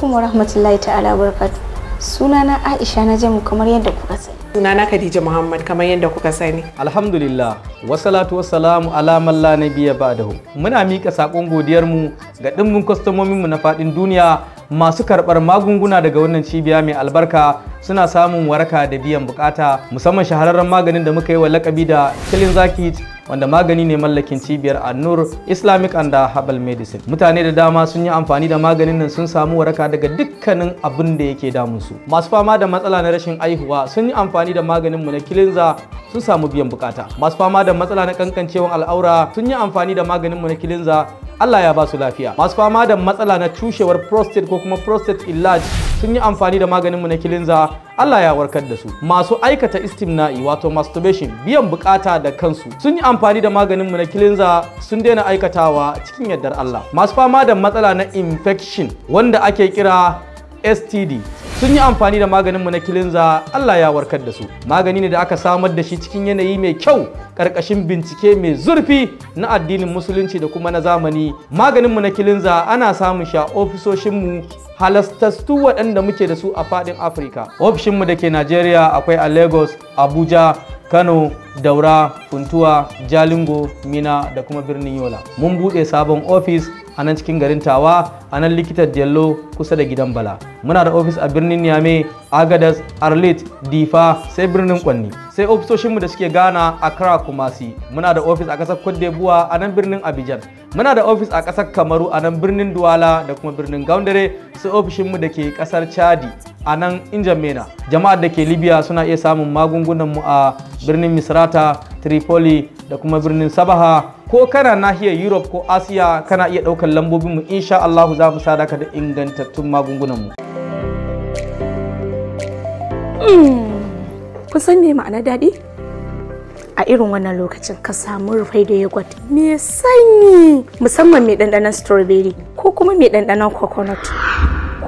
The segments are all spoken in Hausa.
alaikum wa rahmatullahi ta'ala barkatu. Sunana Aisha na jamu kamar yadda kuka sani. Sunana Khadija Muhammad kamar yadda kuka sani. Alhamdulillah, wasalatu wassalamu ala man la nabiyya ba'dahu. Muna mika saƙon godiyar mu ga ɗimbin kwastomomin mu na faɗin duniya masu karɓar magunguna daga wannan cibiya mai albarka suna samun waraka da biyan bukata musamman shahararren maganin da muka yi wa lakabi da killing zakit wanda magani ne mallakin cibiyar annur islamic and herbal medicine mutane da dama sun yi amfani da maganin nan sun samu waraka daga dukkanin abin da yake damunsu masu fama da matsala na rashin aihuwa sun yi amfani da maganin mu na kilinza sun samu biyan bukata masu fama da matsala na kankancewan al'aura sun yi amfani da maganin mu na kilinza Allah ya ba su lafiya masu fama da matsala na cushewar prostate ko kuma prostate illaj sun yi amfani da maganin mu na kilinza Allah ya warkar da su masu aikata istimna'i wato masturbation biyan bukata da kansu sun yi amfani da maganin mu na kilinza sun daina aikatawa cikin yardar Allah masu fama da matsala na infection wanda ake kira STD sun yi amfani da maganin mu na kilinza Allah ya warkar da su magani ne da aka samar da shi cikin yanayi mai kyau ƙarƙashin bincike mai zurfi na addinin musulunci da kuma na zamani maganinmu na kilinza ana samun sha ofisoshinmu halastastu waɗanda muke da su a faɗin afirka ofishinmu da ke najeriya akwai a lagos abuja kano daura funtuwa jalingo mina da kuma birnin yola mun buɗe sabon ofis a nan cikin garin tawa a nan likitar jello kusa da gidan bala muna da ofis a birnin niamey agadas arlit difa sai birnin kwanni sai ofisoshinmu da suke gana a Accra, Kumasi. Muna da ofis a ƙasar Cote d'Ivoire a nan birnin Abidjan. Muna da ofis a ƙasar Kamaru a nan birnin Douala da kuma birnin Gaundare, sai ofishinmu da ke ƙasar Chadi a nan Injamena. Jama'ar da ke Libya suna iya samun magungunanmu a birnin Misrata, Tripoli da kuma birnin Sabaha. Ko kana nahiyar Europe ko Asiya kana iya ɗaukar lambobinmu insha Allahu za mu sadaka da ingantattun magungunanmu. Mm. kusan san me ma'ana daɗi a irin wannan lokacin ka samu rufai da yogurt mai sanyi musamman mai ɗanɗanon strawberry ko kuma mai ɗanɗanon coconut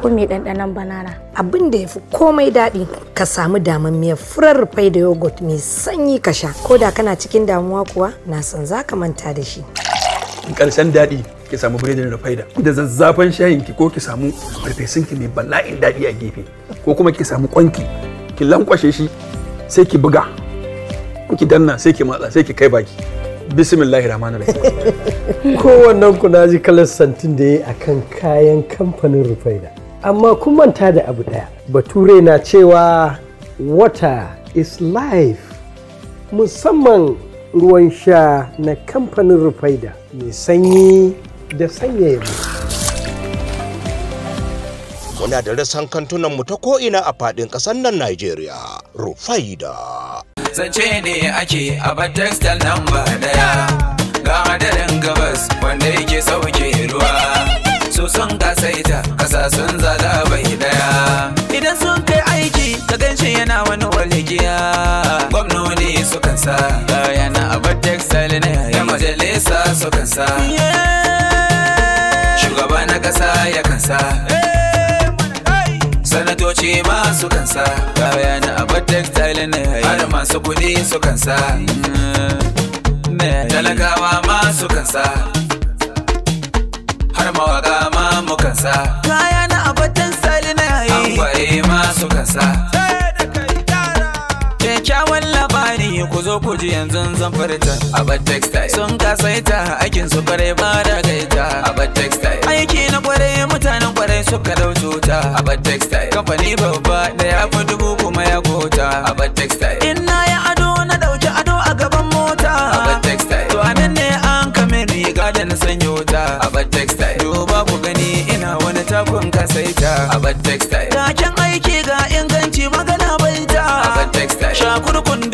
ko mai ɗanɗanon banana abin da ya komai daɗi ka samu daman me furar rufai da yogurt mai sanyi ka sha ko da kana cikin damuwa kuwa na san za ka manta da shi Karshen daɗi ki samu biredin rufaida da zazzafan shayin ki ko ki samu farfesun ki mai bala'in daɗi a gefe ko kuma ki samu kwanki ki lankwashe shi sai ki buga ki danna sai ki matsa sai ki kai baki bismillahir rahmanir rahim kowannen ku naji kalar santin da yayi akan kayan kamfanin rufaida amma kun manta da abu daya bature na cewa water is life musamman ruwan sha na kamfanin rufaida mai sanyi da sanyaya muna da rasan kantunan mu ta ko'ina a faɗin ƙasar nan Najeriya. Rufaida. Zance ne ake a Textile lamba daya. Ga hadarin gabas wanda yake sauke ruwa. Su sun kasaita, kasa sun zala bai daya. Idan sun kai aiki, ka ganshi yana wani waligiya. Gwamnoni sukan sa, yana a Textile ne. Ya majalisa sukan sa. Shugaba na kasa ya kansa. sanatoci ma su kansa ga bayani a batek style ne har masu kuɗi su kansa mm, talakawa ma su kansa har mawaka ma mu kansa kaya na a batek style ne an kwaye ma su kansa kyakkyawan labari ku zo ku ji yanzu zan farta a textile sun kasaita aikin su bare ba da gaita a textile aiki na kwarai mutanen kwarai suka dau ta. a textile kamfani babba da ya fi dubu kuma ya gota a textile in na ya ado na dauki ado a gaban mota a textile to anan ne an kame riga da na sanyo ta textile duba ku gani ina wani takun kasaita a textile taken aiki ga inganci magana baita ta. textile shakurkun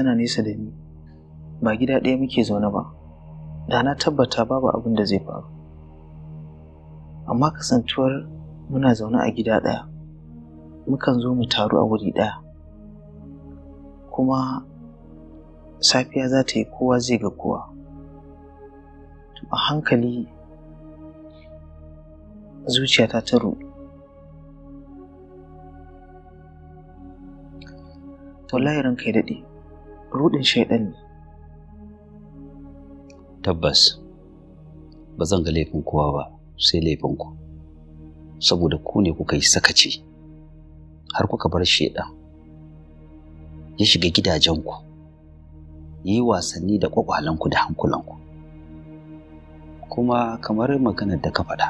yana nesa da ni ba gida ɗaya muke zaune ba da na tabbata babu abin da zai faru amma kasantuwar muna zaune a gida ɗaya mukan zo mu taru a wuri ɗaya kuma safiya za ta yi kowa zai ga kowa a hankali zuciyata ta ruɗu wallahi ranka ya daɗe Ruɗin shaidan ne tabbas ba zan ga laifin kowa ba sai laifin ku. saboda ku ne kuka yi sakaci har kuka bar shaidan ya shiga gidajen ku. yi wasanni da ku da hankulanku kuma kamar maganar da ka faɗa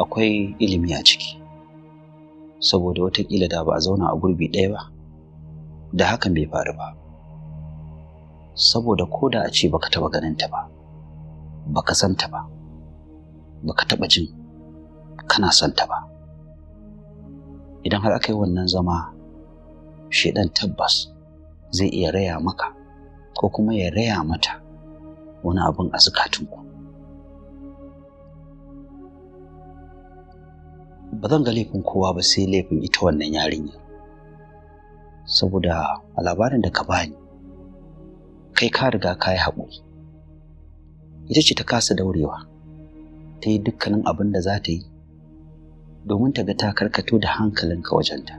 akwai ilimi a ciki saboda watakila da ba a zauna a gurbi ɗaya ba da hakan bai faru ba saboda ko da a ce baka taba ganin ta ba baka ta ba baka taba jin kana ta ba idan har aka yi wannan zama shaidan tabbas zai iya raya maka ko kuma ya raya mata wani abin a zukatunku ba zan ga laifin kowa ba sai laifin ita wannan yarinyar saboda a labarin da ka bani kai ka riga ka yi haƙuri ita ce ta kasa daurewa ta yi dukkanin abin da za ta yi domin ta ga ta karkato da hankalinka wajenta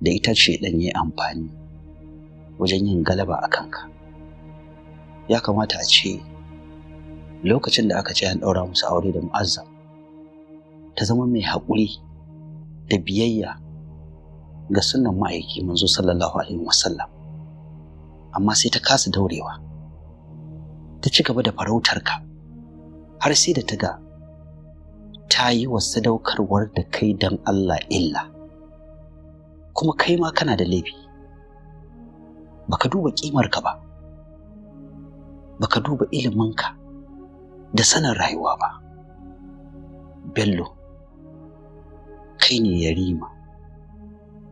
da ita ce ɗan yi amfani wajen yin galaba a kanka ya kamata a ce lokacin da aka ce an ɗaura musu aure da mu'azzam ta zama mai haƙuri da biyayya ga sunan ma'aiki manzo sallallahu alaihi wasallam amma sai ta kasa daurewa ta ci gaba da farautar ka har sai da ta ga ta yi wa sadaukarwar da kai dan Allah illa kuma kai ma kana da laifi baka duba ƙimarka ba baka duba iliminka da sanin rayuwa ba bello kai ne yarima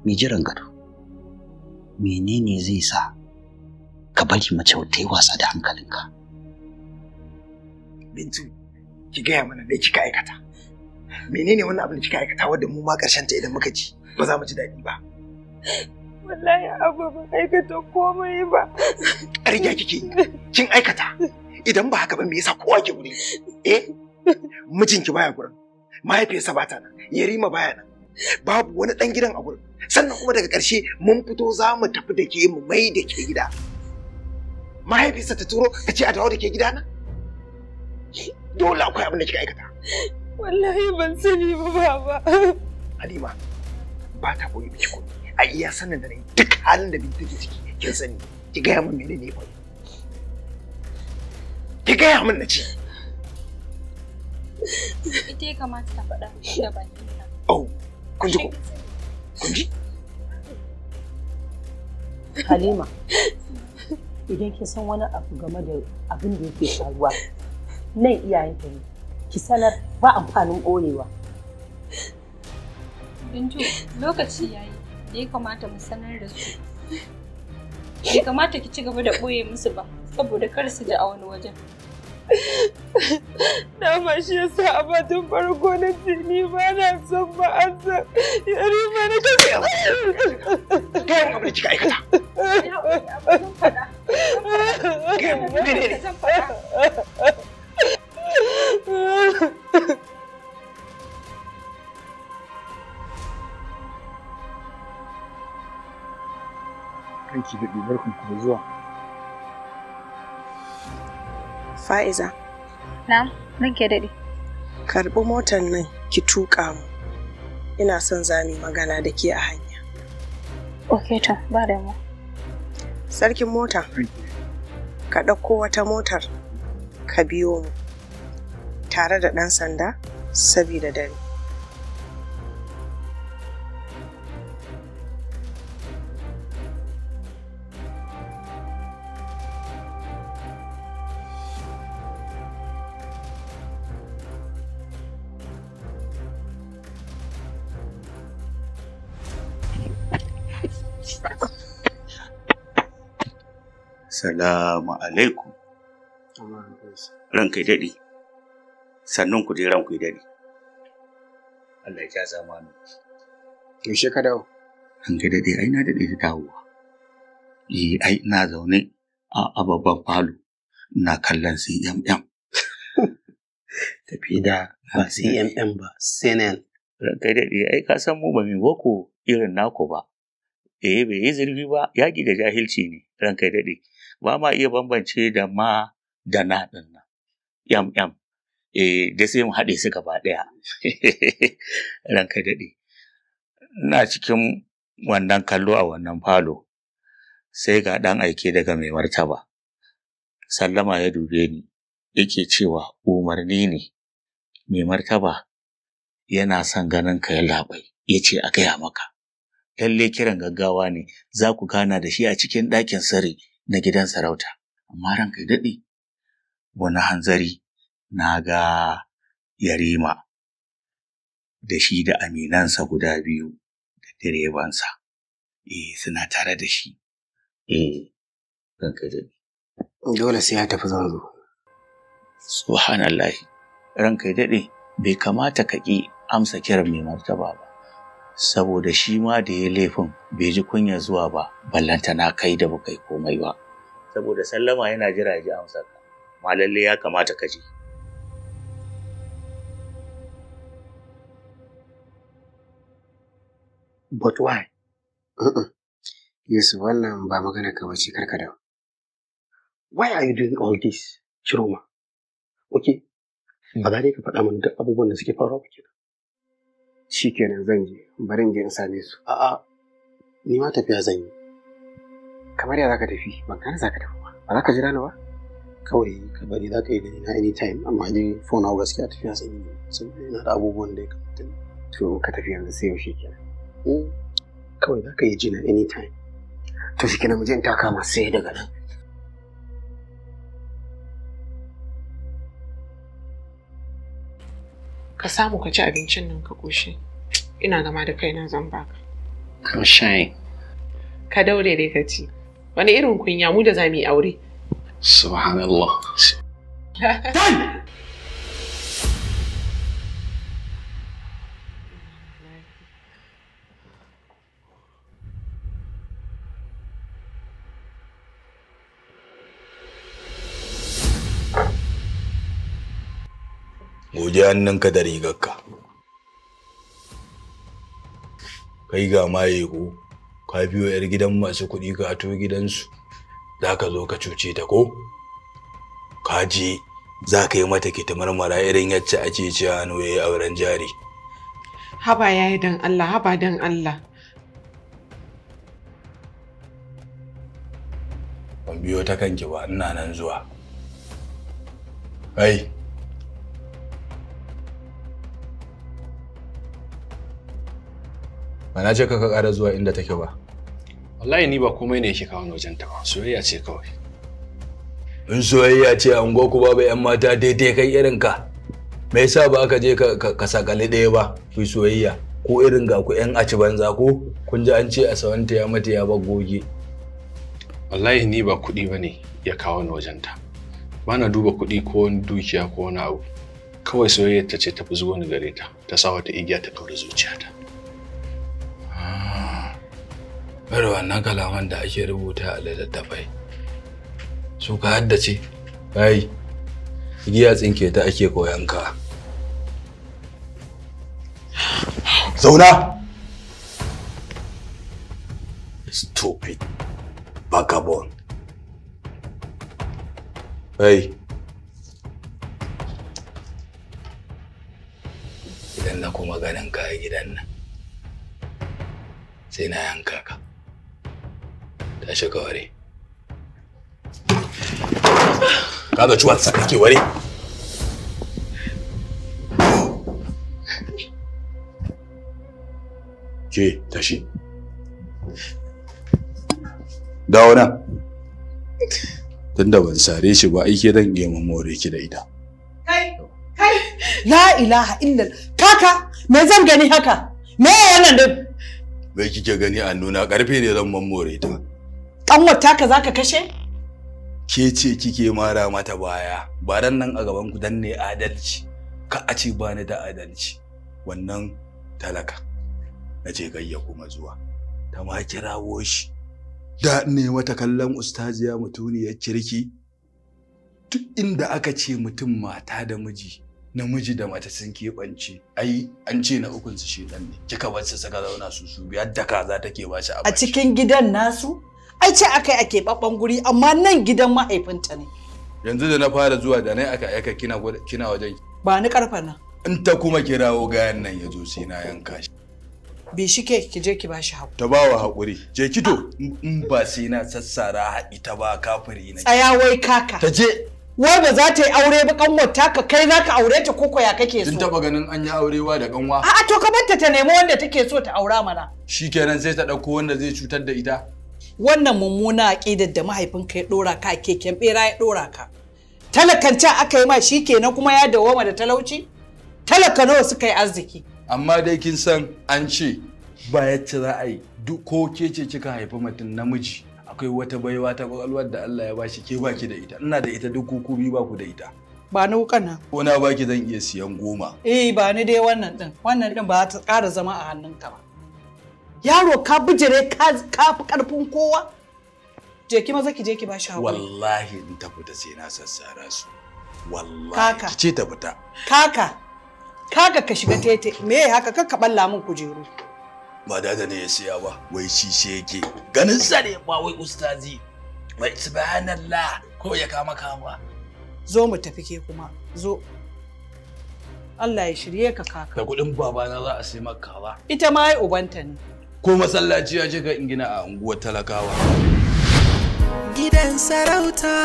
mai jiran gado menene zai sa ka bari mace ta yi wasa da hankalinka bintu ki gaya mana dai kika aikata menene wannan abin da kika aikata wanda mu ma karshen ta idan muka ji ba za mu ji daɗi ba wallahi abu ba aikata komai ba ƙarya kike kin aikata idan ba haka ba me yasa kowa ke guri eh mijinki baya gurin mahaifiyarsa ba ta nan yarima baya nan babu wani dan gidan a gurin sannan kuma daga ƙarshe mun fito za mu tafi da ke mu mai da ke gida Mahaifinsa ta turo ka ce a dawo da ke gida na dole akwai abin da kika aikata wallahi ban sani ba baba halima ba ta koyi biki ko a iya sanin da nayi duk halin da binta ke ciki kin sani ki gaya min mene ne koyi ki gaya min na ce ita ya kamata ta faɗa da bakinta oh kun ji ko Halima, idan kin san wani abu game da abin da yake faruwa, nan iyayenka ne, ki sanar ba amfanin ƙorewa. Bintu, lokaci yayi da ya kamata mu sanar da su. Bai kamata ki ci gaba da ɓoye musu ba, saboda kar su ji a wani wajen. Na mashi yasa a batun farko na jini ba na son ba an san yari rufe na kafe. Gaya mu abin da kika aikata. Gaya mu abin da kika aikata. Kanki da ɗibar kuma zuwa. Fa'iza. Na'am, ke daɗi. Karɓi motar nan ki tuƙa mu. Ina son za magana da ke a hanya. Ok, to, ba da mu. Sarkin mota, ka ɗauko wata motar ka biyo mu tare da ɗan sanda sabida dare. Assalamu alaikum. Ranka daɗi. Sannan ku je ranku daɗi. Allah ya zamanu. Yaushe ka dawo? Ranka daɗi, ai na daɗi da dawowa. Eh, ai ina zaune a ababban falo. Ina kallon CMM. Tafi da ba CMM ba, CNN. Ranka daɗi, ai ka san mu ba mai boko irin naku ba. Eh, bai yi zurfi ba, yaƙi da jahilci ne, ranka daɗi. ba ma iya bambance da ma da na ɗin nan. Yam yam. Eh, da sai mu haɗe su gaba ɗaya. Ranka daɗe. na cikin wannan kallo a wannan falo. Sai ga ɗan aike daga mai martaba. Sallama ya dube ni. Yake cewa umarni ne. Mai martaba yana son ganin ka ya labai. Ya ce a gaya maka. Lalle kiran gaggawa ne, za ku gana da shi a cikin ɗakin sirri. na gidan sarauta, amma ranka ya daɗe, wani hanzari na ga Yarima da shi da aminansa guda biyu da direbansa, e, suna tare da shi. e, ranka ya daɗe. Dole sai ya tafi zanzu. Subhanallah, ranka ya daɗe, bai kamata ka ƙi amsa kiran mai martaba ba. saboda shi ma da ya laifin bai ji kunya zuwa ba ballanta na kai da baka komai ba saboda sallama yana jira ya ji amsa ka ma lalle ya kamata ka ji. but why yes wannan ba magana ka bace karka da why are you doing all this Chiroma okay hmm. ba za ka faɗa mun duk abubuwan da suke faruwa ba kenan shi kenan zan je bari in je in same su a'a ni ma tafiya zan yi kamar ya zaka tafi ban kana zaka tafi ba ba za ka jira ni ba kawai ka bari ka yi gani na anytime amma ni phone hour gaskiya tafiya zan yi saboda yana da abubuwan da ya kamata to ka tafi yanzu sai yaushe kenan eh, kawai za ka yi jina anytime to shi kenan mu je in taka masu sai daga nan ka samu ka ci abincin nan ka koshi ina gama da kaina zan baka ka shaye ka daure dai ka ci wani irin kunya mu da za mu yi aure subhanallah je hannunka da rigarka kai ga maye ku? ka biyo 'yar gidan masu kuɗi ka gidansu za ka zo ka cuce ta ko ka je za ka yi mata marmara irin yacce ake cewa ya yi auren jari haba yi don Allah haba don Allah ban biyo ta kanki ba ina nan zuwa Ba na ce ka kara zuwa inda take ba. Wallahi ni ba komai ne yake kawo wajen ta ba, soyayya ce kawai. In soyayya ce an ku babu 'yan mata daidai kai irin ka. Me yasa ba ka je ka sakali ɗaya ba ku soyayya ko irin ga ku 'yan aci banza ko kun ji an ce a sawanta ya mata ya ba goge. Wallahi ni ba kuɗi ba ne ya kawo ni wajen ta. Ba na duba kuɗi ko wani dukiya ko wani abu. Kawai soyayya ta ce ta fi zuwa ni gare ta, ta sa wata igiya ta ɗaure zuciyata. Bari wannan kalaman da ake rubuta a littattafai. Su ka haddace, kai, giya tsinke ta ake koyan ka. Zauna! Stupid vagabond. Kai Idan na kuma ganin kayan gidan nan. sai na yanka ka tashi ka ware kaga ciwon sa kake ware ke tashi dawo nan tunda ban sare shi ba ke dan gemu more ki da ita kai kai la ilaha illallah kaka me zan gani haka me wannan din Mai kike gani a nuna karfe ne zan mammore ta. Ƙanwar ka za ka kashe? Ke ce kike mara mata baya, ba ran nan a gaban ku danne adalci, ka a ce ba da adalci. Wannan talaka, na ce gayya kuma zuwa, ta ma kirawo shi. Da ne mata kallon ustaziya mutuniyar kirki, duk inda aka ce mutum mata da miji namiji da mace sun keɓance ai an ce na ukun su shedan ne kika bar su saka zauna su su biyar da kaza take ba shi a cikin gidan nasu ai ce akai a keɓaɓɓen guri amma nan gidan ma'aifinta ne yanzu da na fara zuwa da nai aka aika kina kina wajen ba ni karfa na in ta kuma kirawo gayan nan ya zo sai na yanka shi bi shi ke ki je ki ba shi haƙuri ta ba wa haƙuri je ki to in ba sai na sassara haɗi ta ba kafiri na tsaya wai kaka ta je wanda za ta yi aure ba kanwar ka kai za ka aure ta koko ya kake so kin taba ganin an yi aurewa da kanwa a'a to ka banta ta nemi wanda take so ta aura mana shikenan sai ta ɗauko wanda zai cutar da ita wannan mummuna aqidar da mahaifinka ya ɗora ka keken bera ya ɗora ka talakanta aka yi ma shi kenan kuma ya dawoma da talauci talaka nawa suka yi arziki amma dai kin san an ce ba yacce za a duk ko ke ce kika haifi mutum namiji akwai wata baiwa ta kwakwalwar da Allah ya ba shi ke baki da ita ina da ita duk ku biyu ba ku da ita ba na wukan nan ko na baki zan iya siyan goma eh ba ni dai wannan din wannan din ba ta ƙara zama a hannunka ba yaro ka bijire ka fi karfin kowa je ki maza ki je ki bashi hakuri wallahi in ta fita sai na sassara su wallahi ki ce ta fita kaka kaka ka shiga tete me haka ka ka balla min kujeru ba dada ne ya siya ba wai shi shi yake ganin sa ne ba wai ustazi wai subhanallah ko ya kama kama zo mu tafi ke kuma zo Allah ya shirye ka kaka da kuɗin babana za a sai maka ba ita ma ai ubanta ne ko masallaci ya je in gina a unguwar talakawa gidan sarauta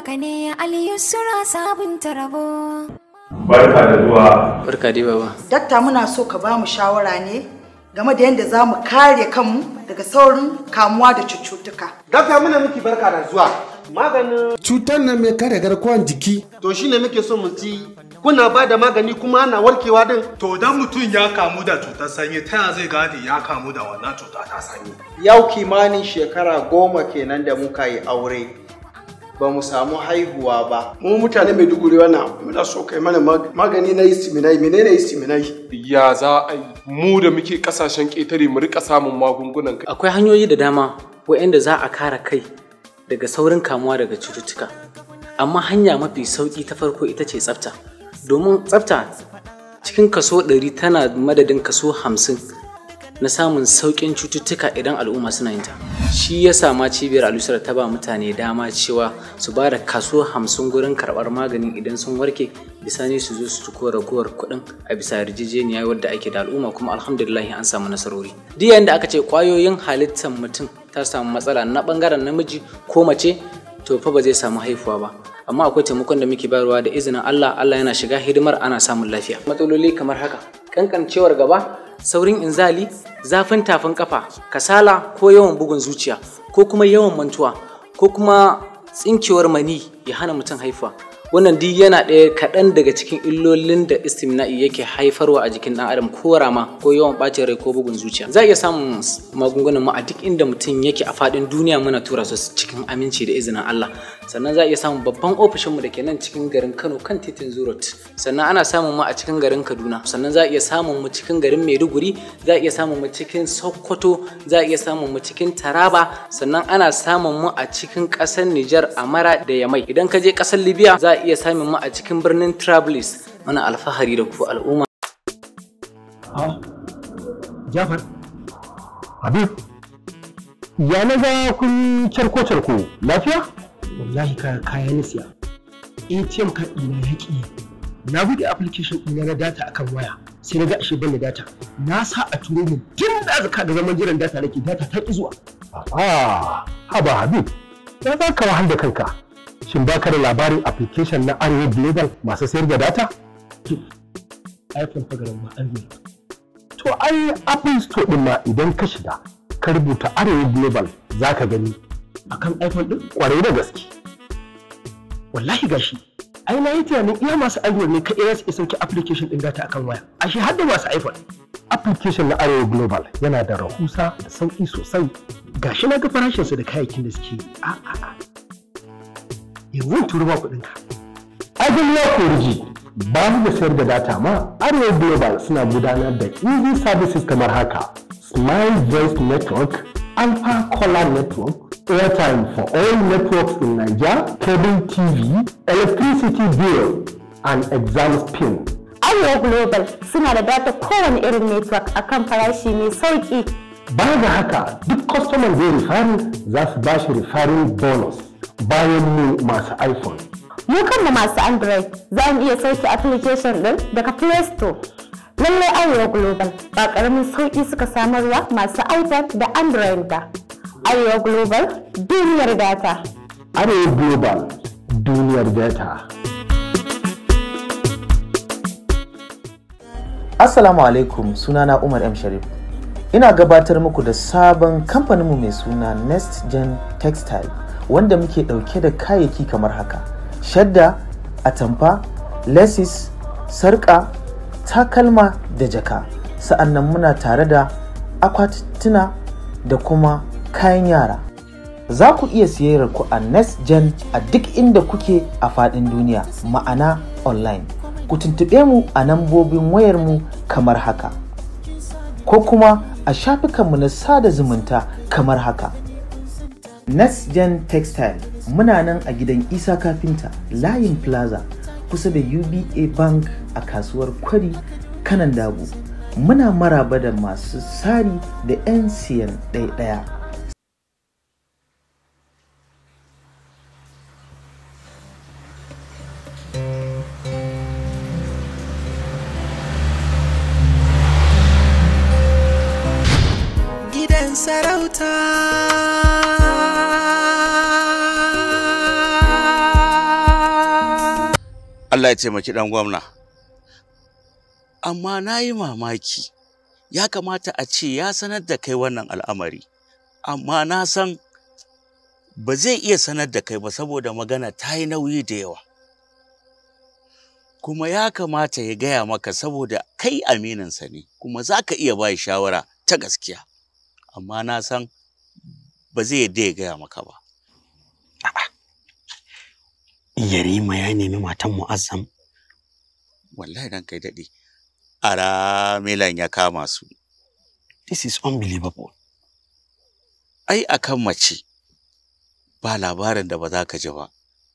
haka ne aliyusura sabunta rabo barka da zuwa barka dai baba dakta muna so ka ba mu shawara ne game da yadda za mu kare kanmu daga saurin kamuwa da cututtuka dakta muna miki barka da zuwa maganin cutar nan mai kare garkuwan jiki to ne muke so mu ci kuna ba da magani kuma ana warkewa din to dan mutum ya kamu da cutar sanyi ta zai gane ya kamu da wannan cuta ta sanyi yau kimanin shekara goma kenan da muka yi aure ba mu samu haihuwa ba mu mutane mai duguri wannan muna so kai mana magani na istiminai menene istiminai ya za a yi mu da muke kasashen ƙetare mu rika samun magungunan kai akwai hanyoyi da dama waɗanda za a kara kai daga saurin kamuwa daga cututtuka amma hanya mafi sauƙi ta farko ita ce tsafta domin tsafta cikin kaso ɗari tana madadin kaso hamsin. na samun sauƙin cututtuka idan al'umma suna yin ta shi ya sama cibiyar alusar ta ba mutane dama cewa su ba da kaso hamsin gurin karɓar magani idan sun warke bisani su zo su tuko raguwar kuɗin a bisa yarjejeniya wadda ake da al'umma kuma alhamdulillah an samu nasarori duk yayin da aka ce kwayoyin halittar mutum ta samu matsala na ɓangaren namiji ko mace to fa ba zai samu haifuwa ba amma akwai taimakon da muke bayarwa da izinin Allah Allah yana shiga hidimar ana samun lafiya matsaloli kamar haka kankancewar gaba saurin inzali zafin tafin kafa kasala ko yawan bugun zuciya ko kuma yawan mantuwa ko kuma tsinkewar mani ya hana mutum haifuwa wannan duk yana ɗaya kaɗan daga cikin illolin da istimna'i yake haifarwa a jikin ɗan adam ko rama ko yawan ɓacin rai ko bugun zuciya za a iya samun magungunan mu a duk inda mutum yake a faɗin duniya muna tura su cikin aminci da izinin Allah sannan za a iya samun babban ofishin mu da ke nan cikin garin Kano kan titin Zurot sannan ana samun mu a cikin garin Kaduna sannan za a iya samun mu cikin garin Maiduguri za a iya samun mu cikin Sokoto za a iya samun mu cikin Taraba sannan ana samun mu a cikin ƙasar Nijar Amara da Yamai idan ka je ƙasar Libya za iya samun mu a cikin birnin Trablis mana alfahari da ku al'umma. Jafar, Habib, ya na za kun carko-carko lafiya? Wallahi kaya kaya na siya. ATM card ina ya ƙi. Na buɗe application ina na data akan waya sai na ga ashe ban da data. Na sa a turo mu tun da zaka ga zaman jiran data nake data ta ƙi zuwa. Ah, haba Habib, ya za ka wahal da kanka. shin ba ka da labarin application na arewa global masu sayar da data iphone fa garin ma to ai apple store din ma idan ka shiga ka rubuta arewa global za ka gani akan iphone din kwarai da gaske wallahi gashi ai na yi tunanin iya masu android ne ka iya su sauke application din data akan waya shi har da masu iphone application na arewa global yana da rahusa da sauki sosai gashi na ga farashinsa da kayayyakin da suke a'a ya wuce ruwa kudin ka. Ajin ya koriji ba su da sayar da data ma Arewa Global suna gudanar da easy services kamar haka Smile Voice Network, Alpha Collar Network, Airtime for all networks in Nigeria, Cable TV, Electricity Bill, and Exam Spin. Arewa Global suna da data kowane irin network akan farashi mai sauki. ba da haka duk kwastoman zai rifarin za su ba shi rifarin bonus. bayan mu masu iphone mu kanmu masu android za mu iya sauke application ɗin daga play store lallai arewa global ba ƙaramin sauƙi suka samarwa masu ipad da android ba arewa global duniyar data arewa global duniyar data assalamu alaikum sunana umar m sharif ina gabatar muku da sabon kamfaninmu mai suna next gen textile wanda muke ɗauke da kayayyaki kamar haka shadda atamfa lasis sarƙa takalma da jaka sa'annan muna tare da akwatuna da kuma kayan yara za ku iya siyayyar ku a next gen a duk inda kuke a faɗin duniya ma'ana online ku tuntuɓe mu a nambobin wayarmu kamar haka ko kuma a shafukanmu na sada zumunta kamar haka Gen Textile muna nan a gidan Isa Kafinta Layin Plaza kusa da UBA Bank a kasuwar Kwari kanan dabu. Muna maraba da masu sari da 'yan siyan ɗaya-ɗaya. sarauta Allah ya taimaki ɗan gwamna. Amma na yi mamaki, ya kamata a ce ya sanar da kai wannan al'amari, amma na san ba zai iya sanar da kai ba saboda magana ta yi nauyi da yawa. Kuma ya kamata ya gaya maka saboda kai amininsa ne, kuma za ka iya bai shawara ta gaskiya, amma na san ba zai yadda ya gaya maka ba. A'a. Yarima ya nemi matan Mu'azzam. Wallahi dan kai daɗi. Aramilan ya kama su. This is unbelievable. Ai akan mace ba labarin da ba za ka ji ba.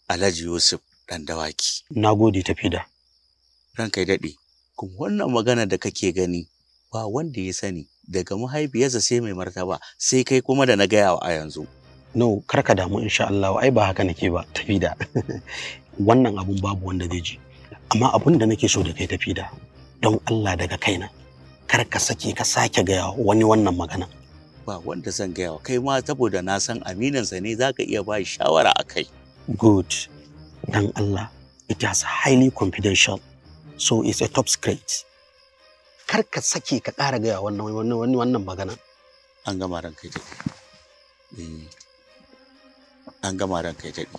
Alhaji Yusuf ɗan dawaki. Nagode ta tafi da. kai dadi Kuma wannan magana da kake gani ba wanda ya sani daga mahaifiyarsa sai mai martaba sai kai kuma da na gaya wa a yanzu. no ka damu insha Allah ai ba haka nake ba tafi da wannan abun babu wanda zai ji amma abun da nake so da kai tafi da don Allah daga kaina kar ka sake ka sake gaya wani wannan magana ba wanda zan gaya wa kai ma saboda na san sa ne zaka iya ba shawara akai. kai good dan Allah it is highly confidential so it's a top secret kar ka sake ka kara gaya wannan wannan wannan magana an gama ran kai take an gama ran kai daɗi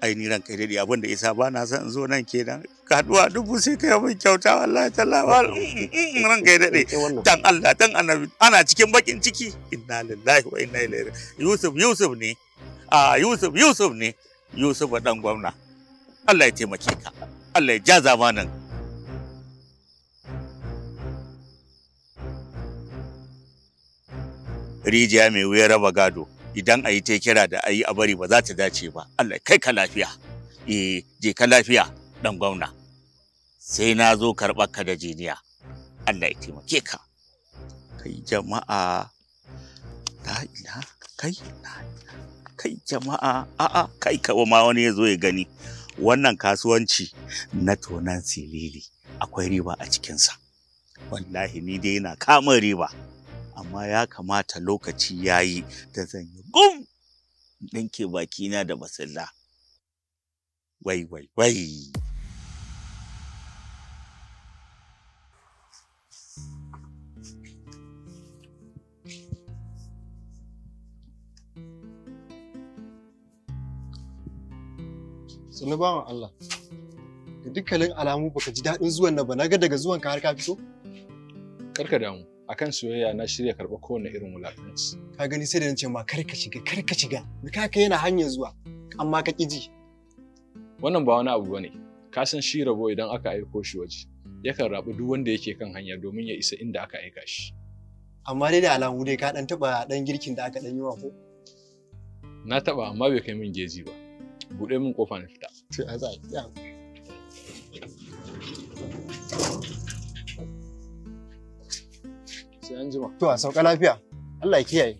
aini ran kai daɗi abin da isa ba na san zo nan kenan kaduwa dubu sai kai mun kyauta wallahi talla mm, mm, mm, ran kai daɗe dan Allah dan annabi ana cikin bakin ciki inna lillahi wa inna ilaihi Yusuf Yusuf ne a Yusuf Yusuf ne Yusuf dan gwamna Allah ya taimake ka Allah ya ja zamanin rijiya mai wuyar raba gado idan a yi ta kira da a yi a bari ba za ta dace ba Allah kai ka lafiya eh je ka lafiya dan gwamna sai na zo karɓar ka da jiniya Allah ya taimake ka kai jama'a ta ina kai ina kai jama'a a'a kai kawo ma wani ya zo ya gani wannan kasuwanci na tonan silili akwai riba a cikinsa wallahi ni dai yana kama riba amma ya kamata lokaci ya yi da zan yi gum ɗinke bakina da basilla wai wai wai Sani bawan Allah da dukkanin alamu baka ji daɗin zuwan na ba na ga daga zuwan ka har ka fito karka damu akan soyayya na shirya karɓa kowane irin wulakanci. Ka gani sai da nace ce ma kar ka shiga kar ka shiga ka kai yana hanyar zuwa amma ka ji. Wannan ba wani abu bane ka san shi rabo idan aka aiko shi waje yakan rabu duk wanda yake kan hanya domin ya isa inda aka aika shi. Amma dai da alamu dai ka ɗan taɓa ɗan girkin da aka ɗan yi wa ko? Na taɓa amma bai kai min geji ba. Buɗe min ƙofa na fita. Sai a za a sai an jima to a sauka lafiya Allah ya kiyaye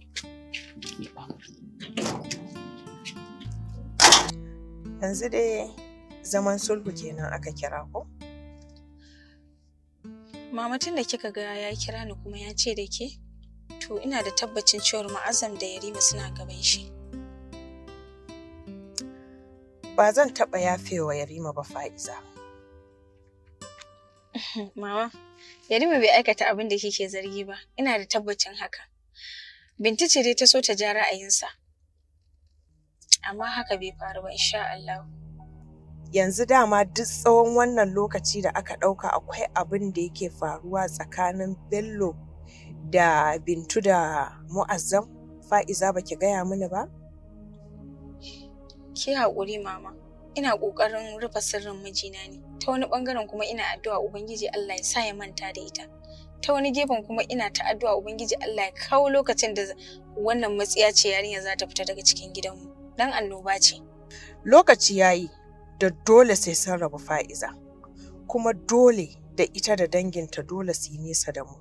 yanzu dai zaman sulhu kenan aka kira ko mama tun da kika ga ya kira ni kuma ya ce da ke to ina da tabbacin cewar ma'azam da yarima suna gaban shi ba zan taɓa yafewa yarima ba fa'iza mama Yarima bai aikata abin da kike zargi ba, ina da tabbacin haka. Binta ce dai ta so ta ja ra'ayinsa. Amma haka bai faru ba insha Allah. Yanzu dama duk tsawon wannan lokaci da aka ɗauka akwai abin da yake faruwa tsakanin Bello da Bintu da Mu'azzam fa'iza baki gaya mini ba? Ki haƙuri mama, ina ƙoƙarin rufe sirrin mijina ne. ta wani bangaren kuma ina addu'a ubangiji Allah ya sa ya manta da ita ta wani gefen kuma ina ta addu'a ubangiji Allah ya kawo lokacin da wannan matsiya ce yarinya za ta fita daga cikin gidanmu dan annoba ce lokaci yayi da dole sai sun rabu fa'iza kuma dole da ita da danginta dole su yi nesa da mu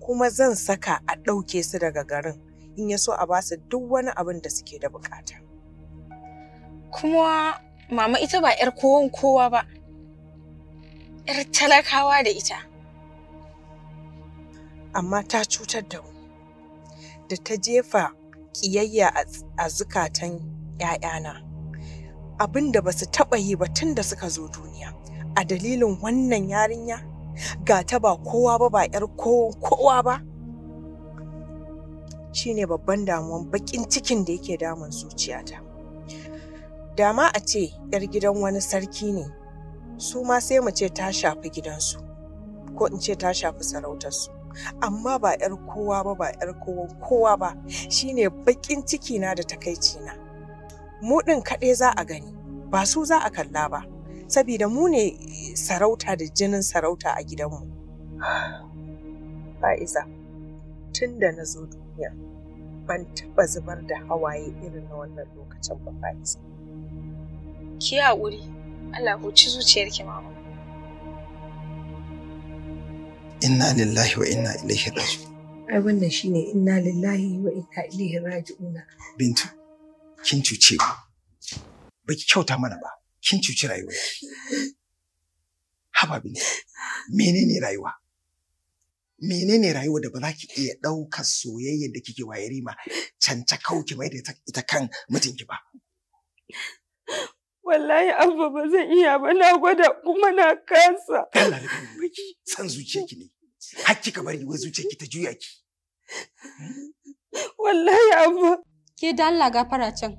kuma zan saka a ɗauke su daga garin in ya so a ba su duk wani abin da suke da bukata kuma mama ita ba 'yar kowan kowa ba 'yar talakawa da ita. Amma ta cutar da mu, da ta jefa ƙiyayya a zukatan ‘ya'yana, abin da ba su taɓa yi ba tun da suka zo duniya. A dalilin wannan yarinya, ga ta ba kowa ba ba ‘yar kowa ba. Shi ne babban damuwan baƙin cikin da yake damun zuciyata. Dama a ce ‘yar gidan wani sarki ne. su ma sai mu ce ta shafi gidansu ko in ce ta shafi sarautarsu amma ba 'yar kowa ba ba 'yar kowa ba shine bakin ciki na da takaici na mu ɗin kaɗai za a gani ba su za a kalla ba saboda mu ne sarauta da jinin sarauta a gidanmu fa'iza tun da na zo duniya ban taɓa zubar da hawaye irin na wannan lokacin ba fa'iza ki haƙuri Allah ku ci zuciyarki ma inna lillahi wa inna ilaihi raji'un ai wannan shine inna lillahi wa inna ilaihi raji'un bintu kin cuce mu baki kyauta mana ba kin cuci rayuwa haba bintu menene rayuwa menene rayuwa da ba za ki iya ɗaukar soyayyar da kike waye rima cancakau ki mai da ita kan mutunki ba wallahi abba ba zan iya ba na gwada kuma na kasa Allah ya baki san zuciyarki ne har kika bari wai zuciyarki ta juya ki wallahi abba ke da Allah gafara can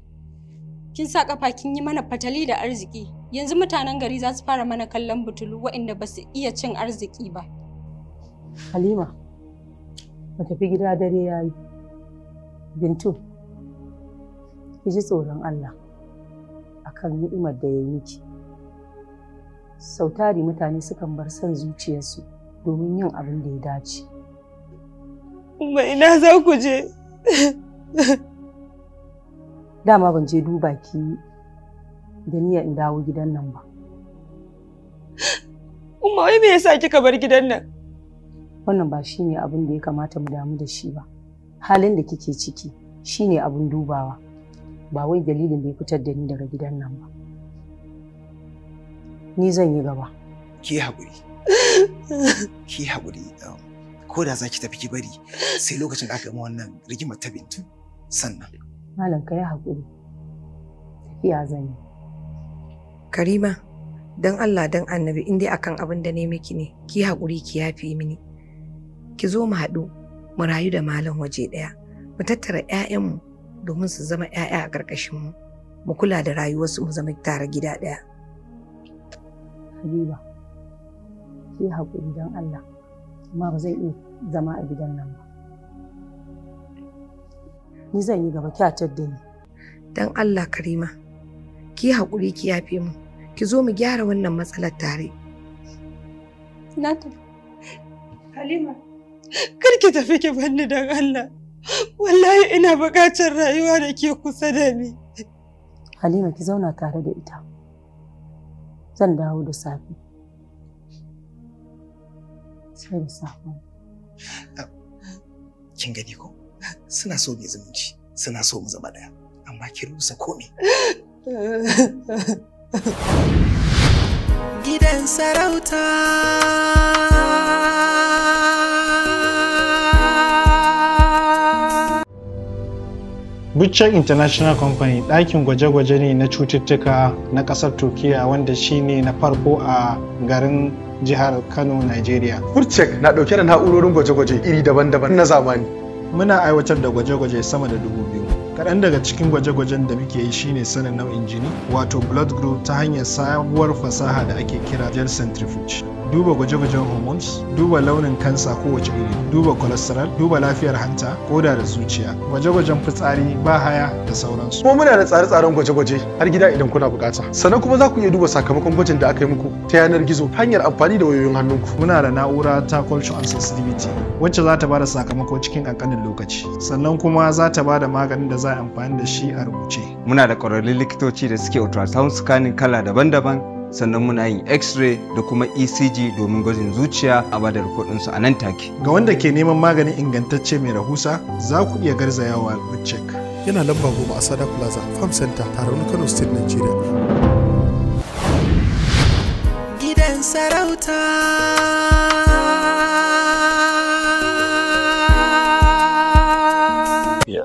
kin sa kafa kin yi mana fatali da arziki yanzu mutanen gari za su fara mana kallon butulu waɗanda ba su iya cin arziki ba Halima ta tafi gida dare yayi Bintu ki ji tsoron Allah kan ni'imar da ya yi miki tari mutane sukan bar son zuciyarsu domin yin abin da ya dace ba ina za ku je dama ban je duba ki da niyya in dawo gidan nan ba Umma wai me yasa kika bar gidan nan? Wannan ba shine abin da ya kamata mu damu da shi ba. Halin da kike ciki shine abin dubawa. ba wai dalilin da ya fitar da ni daga gidan nan ba ni zan yi gaba ki haƙuri ki haƙuri um, ko da za ki tafi ki bari sai lokacin da aka gama wannan rigimar ta bintu sannan malam ka yi haƙuri tafiya zan yi karima don allah don annabi in dai akan abin da ne miki ne ki haƙuri ki yafe mini ki zo mu haɗu mu rayu da malam waje ɗaya mu tattara 'ya'yanmu domin su zama 'ya'ya a ƙarƙashin mu mu kula da rayuwarsu mu zama tare gida ɗaya. Habiba, ki haƙuri don Allah, amma ba zai iya zama a gidan nan ba. Ni zan yi gaba kyatar da ni. Don Allah Karima, ki haƙuri ki yafe mu, ki zo mu gyara wannan matsalar tare. Na tafi. Halima, kar ki tafi ki banni don Allah. Wallahi ina buƙatar rayuwa da ke kusa da ni. Halima ki zauna tare da ita. Zan dawo da safe. Sai da safe. Ah, kin gani ko? Suna so mu zumunci, suna so mu zama ɗaya, amma ki rusa komai. Gidan sarauta. Butcher International Company ɗakin gwaje-gwaje ne na cututtuka na ƙasar Turkiya wanda shi ne na farko a garin jihar Kano, Nigeria. Butcher na ɗauke da na'urorin gwaje-gwaje iri daban-daban na zamani. Muna aiwatar da gwaje-gwaje sama da dubu biyu. kaɗan daga cikin gwaje-gwajen da muke yi shine sanin nau'in jini wato blood group ta hanyar sabuwar fasaha da ake kira gel centrifuge duba gwaje-gwajen hormones duba launin kansa kowace iri duba cholesterol duba lafiyar hanta koda da zuciya gwaje-gwajen fitsari ba haya da sauransu kuma muna da tsare-tsaren gwaje-gwaje har gida idan kuna bukata sannan kuma za ku iya duba sakamakon gwajin da aka yi muku ta yanar gizo hanyar amfani da wayoyin hannunku muna da na'ura ta culture and sensitivity wacce za ta ba da sakamako cikin kankanin lokaci sannan kuma za ta ba da maganin da za za a amfani da shi a rubuce muna da ƙwararrun likitoci da suke ultrasound scanning kala daban-daban sannan muna yin x-ray da kuma ecg domin gwajin zuciya a badar su a nan take ga wanda ke neman maganin ingantacce mai rahusa za ku iya garzayawa good check yana lamba goma a sada plaza farm center tare kano state nigeria gidan sarauta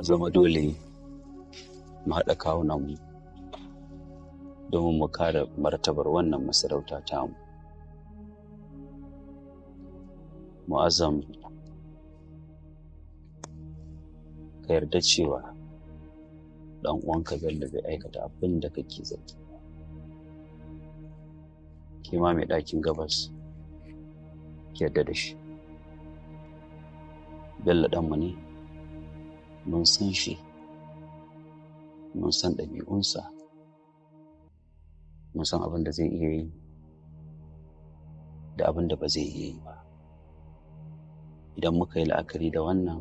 zama dole mu haɗa kawunan mu domin mu kare martabar wannan masarauta ta mu mu'azzam ka yarda cewa ɗan uwanka Bello bai aikata abin da kake zaki ke ma mai ɗakin gabas ki yarda da shi Bello ɗanmu ne mun san shi mun san ɗabi'unsa mun san abin da zai iya yi da abin da ba zai iya yi ba idan muka yi la'akari da wannan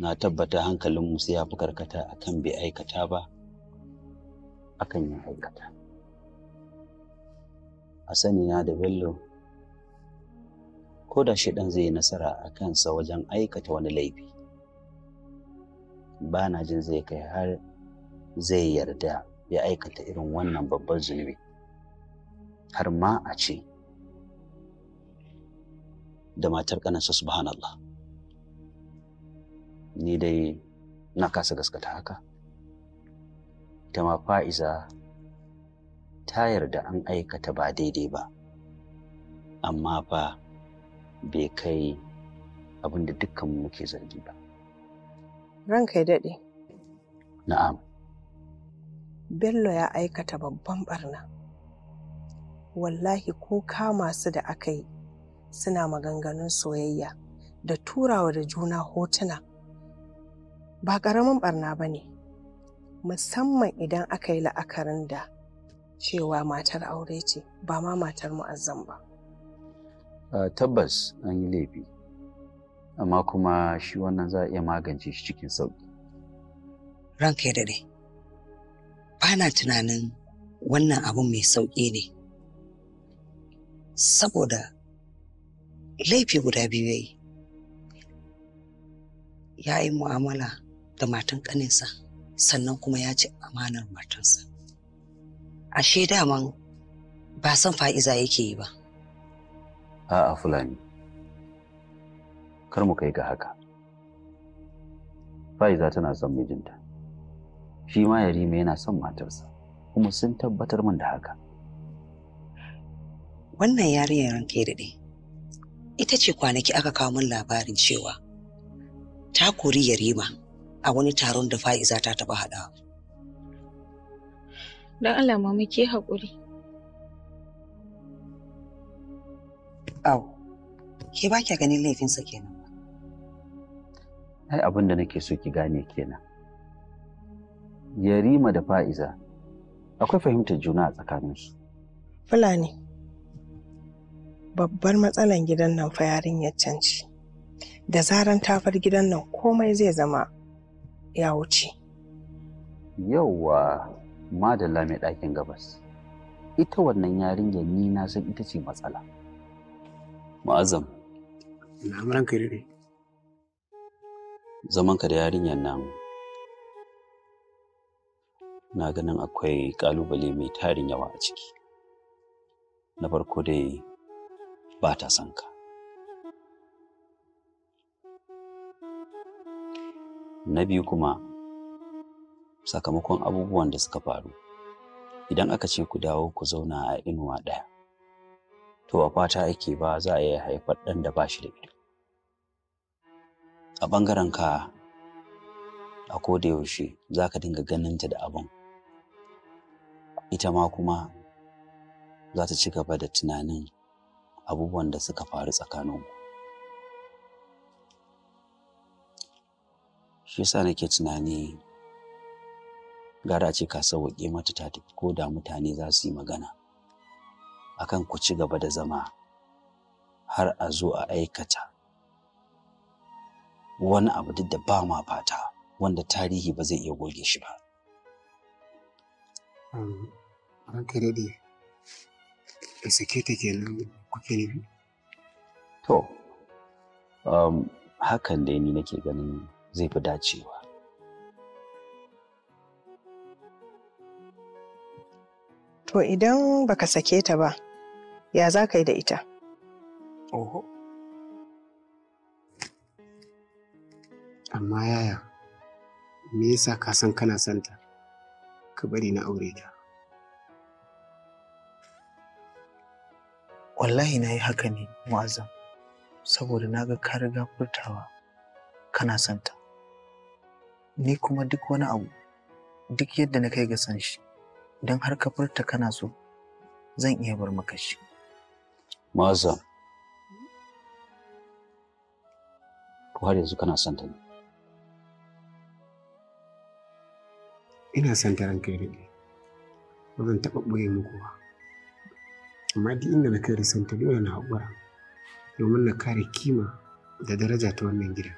na tabbata hankalinmu sai ya fi karkata akan bai aikata ba akan yin aikata a sanina da bello ko da shi zai yi nasara a kansa wajen aikata wani laifi ba na jin zai kai har zai yarda ya aikata irin wannan babban zunubi har ma a ce da matar ƙanansa subhanallah ni dai na kasa gaskata haka ta ma fa'iza ta yarda an aikata ba daidai ba amma fa bai kai abinda dukkan muke zargi ba Ranka ya daɗe. Na'am. Bello ya aikata babban barna. Wallahi kuka masu da aka yi suna maganganun soyayya da turawa da juna hotuna. Ba ƙaramin barna ba ne, musamman idan aka yi la'akarin da cewa matar aure ce ba ma matar mu'azzam ba. Uh, tabbas an yi laifi. amma kuma shi wannan za a iya magance shi cikin sauƙi. Ranka ya daɗe. ba na tunanin wannan abu mai sauƙi ne, saboda laifi guda biyu ya yi. Ya yi mu'amala da matan ƙaninsa, sannan kuma ya ci amanar matansa. Ashe daman ba san fa'iza yake yi ba. A'a Fulani. kar mu kai ga haka fa'iza tana son mijinta shi ma yarima yana son matarsa kuma sun tabbatar min da haka wannan yarinyar ranke daɗe ita ce kwanaki aka kawo min labarin cewa ta kori yarima a wani taron da fa'iza ta taɓa haɗawa don Allah mama ke haƙuri. Au, ke ba kya ganin laifinsa kenan. ai abin da nake so ki gane kenan yarima da fa'iza akwai fahimtar juna a tsakaninsu fulani babbar matsalan gidan nan fa yarinyar canci da zaran ta far gidan nan komai zai zama ya wuce yauwa madalla mai ɗakin gabas ita wannan yarinyar ni na san ita ce matsala ma'azam na zamanka da yarinyar nan na ganin akwai ƙalubale mai tarin yawa a ciki na farko dai ba ta son ka na biyu kuma sakamakon abubuwan da suka faru idan aka ce ku dawo ku zauna a inuwa ɗaya to a fata ake ba za a iya haifar ɗan da ba shi da ido a ɓangaren ka a koda yaushe za ka dinga ganinta da abin ita ma kuma za ta ci gaba da tunanin abubuwan da suka faru tsakaninku shi sa nake tunani gara ce ka sauƙe mata ta tafi ko da mutane za su yi magana akan ku ci gaba da zama har a zo a aikata wani abu duk da ba ma fata wanda tarihi ba zai iya goge shi ba. Ranka daɗe, da sake ta kenan kuke nufi? To, hakan ni nake ganin zai fi dacewa. To idan baka sake ta ba, ya za ka yi da ita? Oho. Amma yaya, me yasa ka san kana santa? Ka bari na aure ta. Wallahi na yi haka ne, Mu'azzam, saboda na ga ka riga furtawa kana santa. Ni kuma duk wani abu, duk yadda na kai ga san shi, don har ka furta kana so, zan iya bar maka shi. Mu'azzam, ko har yanzu kana santa ne? ina son ta ranka ya ba zan taɓa ɓoye muku ba amma duk inda na kai da ta dole na haƙura domin na kare kima da daraja ta wannan gida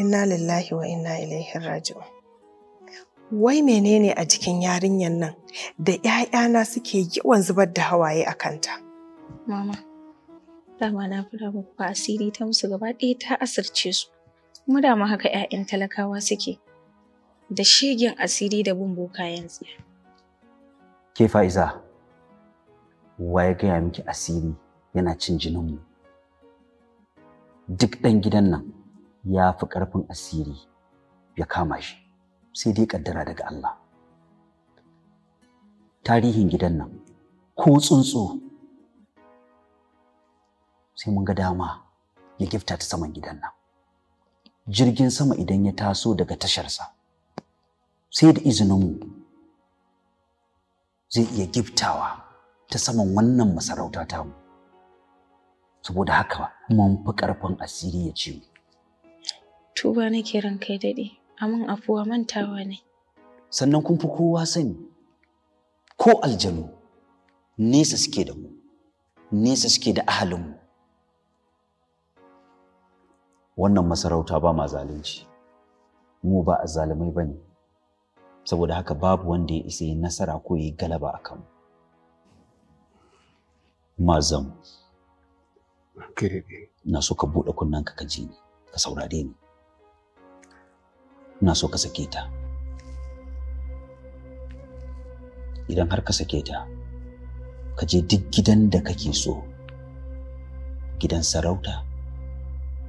inna lillahi wa inna ilaihi raji'un wai menene a jikin yarinyar nan da 'ya'yana suke yawan zubar da hawaye a kanta mama dama na fara muku asiri ta musu gaba ɗaya ta asirce su Kuma da haka 'ya'yan talakawa suke da shegen asiri da bin kayan tsiya. Ke fa'iza, wa ya gaya miki asiri yana cin jininmu. Duk ɗan gidan nan ya fi ƙarfin asiri ya kama shi, sai dai ƙaddara daga Allah. Tarihin gidan nan ko tsuntsu sai mun ga dama ya gifta ta saman gidan nan. jirgin sama idan ya taso daga tasharsa sai da izininmu zai iya giftawa ta saman wannan masarauta mu. saboda haka mun fi ƙarfin asiri ya ce tuba na kiran kai daɗe amin afuwa mantawa ne sannan kun fi kowa sani ko aljanu nesa suke da mu nesa suke da ahalinmu wannan masarauta ba ma zalunci mu ba a zalumai ba ne saboda haka babu wanda ya isa yi nasara ko ya yi galaba a kanmu mazan na so ka buɗe kunnen ka kaji ni ka saurare ni na so ka sake ta idan har ka sake ta ka je duk gidan da kake so gidan sarauta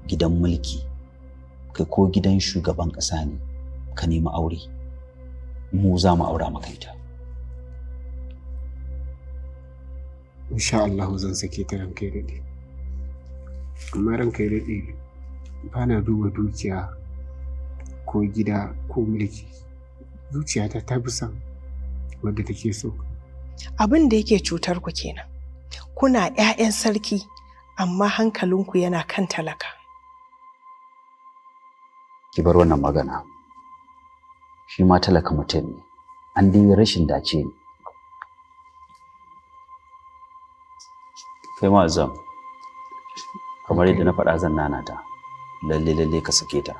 gidan mulki kai ko gidan shugaban ƙasa ne ka nemi aure mu za mu aura maka ita insha Allah zan sake ta ranka ya daɗe amma ranka ya daɗe ba na duba dukiya ko gida ko mulki zuciyata ta fi son wadda take so abin da yake cutar ku kenan kuna 'ya'yan sarki amma hankalinku yana kan talaka ki bar wannan magana shi ma talaka mutum ne an dai rashin dace ne kai ma kamar yadda na faɗa zan nana ta lalle lalle ka sake ta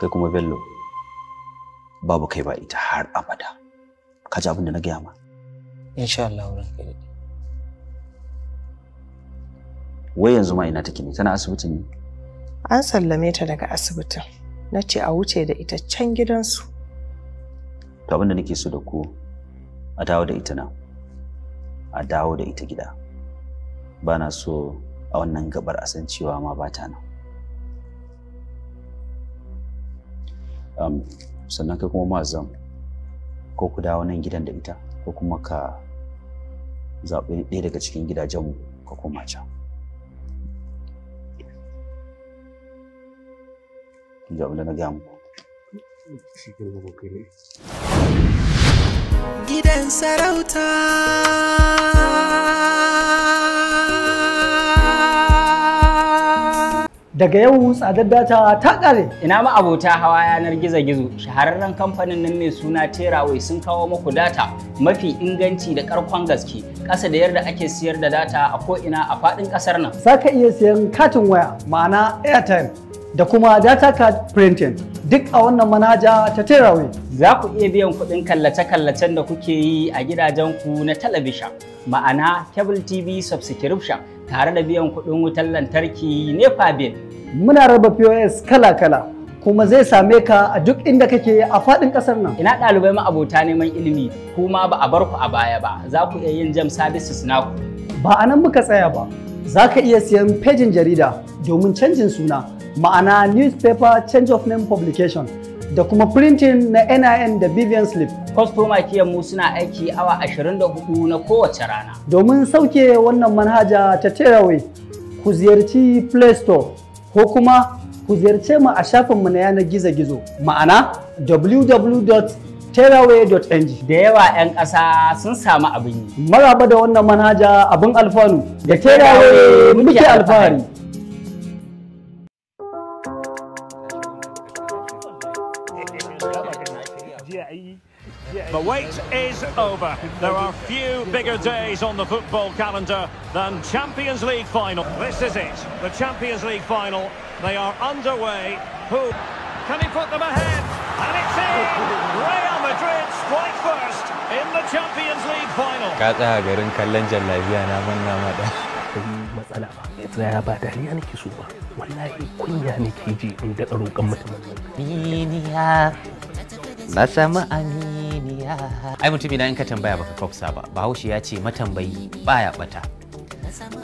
kai kuma bello babu kai ba ita har abada ka ji abin da na gaya ma insha Allah wurin kai wai yanzu ma ina take ne tana asibiti ne an sallame ta daga asibitin na ce a wuce da ita can gidansu to abinda nake so da ku a dawo da ita nan a dawo da ita gida ba na so a wannan gabar a san cewa ma ba ta nan um, sannan kai kuma mazan ko ku dawo nan gidan da ita ko kuma ka zaɓi ɗaya daga cikin gidajenmu ka koma can jawabla na gaya muku gidan sarauta daga yau tsadar data ta kare ina ma abota hawa yanar gizo-gizo shahararren kamfanin nan mai suna terawai sun kawo muku data mafi inganci da karkon gaske ƙasa da yarda ake siyar da data a ina a faɗin ƙasar nan za iya siyan katin waya ma'ana airtime da kuma data card printing duk a wannan manaja ta teraway. Za ku iya biyan kuɗin kallace-kallacen da kuke yi a gidajenku na talabishin ma'ana cable TV subscription tare da biyan kuɗin wutar lantarki nepa bill. Muna raba POS kala-kala kuma zai same ka a duk inda kake a faɗin ƙasar nan. Ina ɗalibai abota neman ilimi kuma ba a bar ku a baya ba za ku iya yin jam services naku. Ba a nan muka tsaya ba. za ka iya siyan fejin jarida domin canjin suna ma'ana newspaper change of name publication da kuma printing na NIN da Vivian Slip. Kwastoma mu suna aiki awa 24 na kowace rana. Domin sauke wannan manhaja ta Tearaway, ku ziyarci Play Store ko kuma ku ziyarce mu a shafinmu na yanar gizo-gizo ma'ana www da ƙasa sun samu abin yi. Maraba da wannan manhaja abin alfanu da muke alfahari. The wait is over. There are few bigger days on the football calendar than Champions League final. This is it, the Champions League final. They are underway. Who can he put them ahead? And it's in! Real Madrid strike first in the Champions League final. Ka tsaya garin kallon jallabiya na manna mada. matsala ba. Tsaya ba dariya nake so ba. Wallahi kunya nake ji in da tsaro kan nan. Miniya na samu aminiya. Ai mutumi na in ka tambaya baka kwafsa ba. Bahaushe ya ce matambayi baya bata.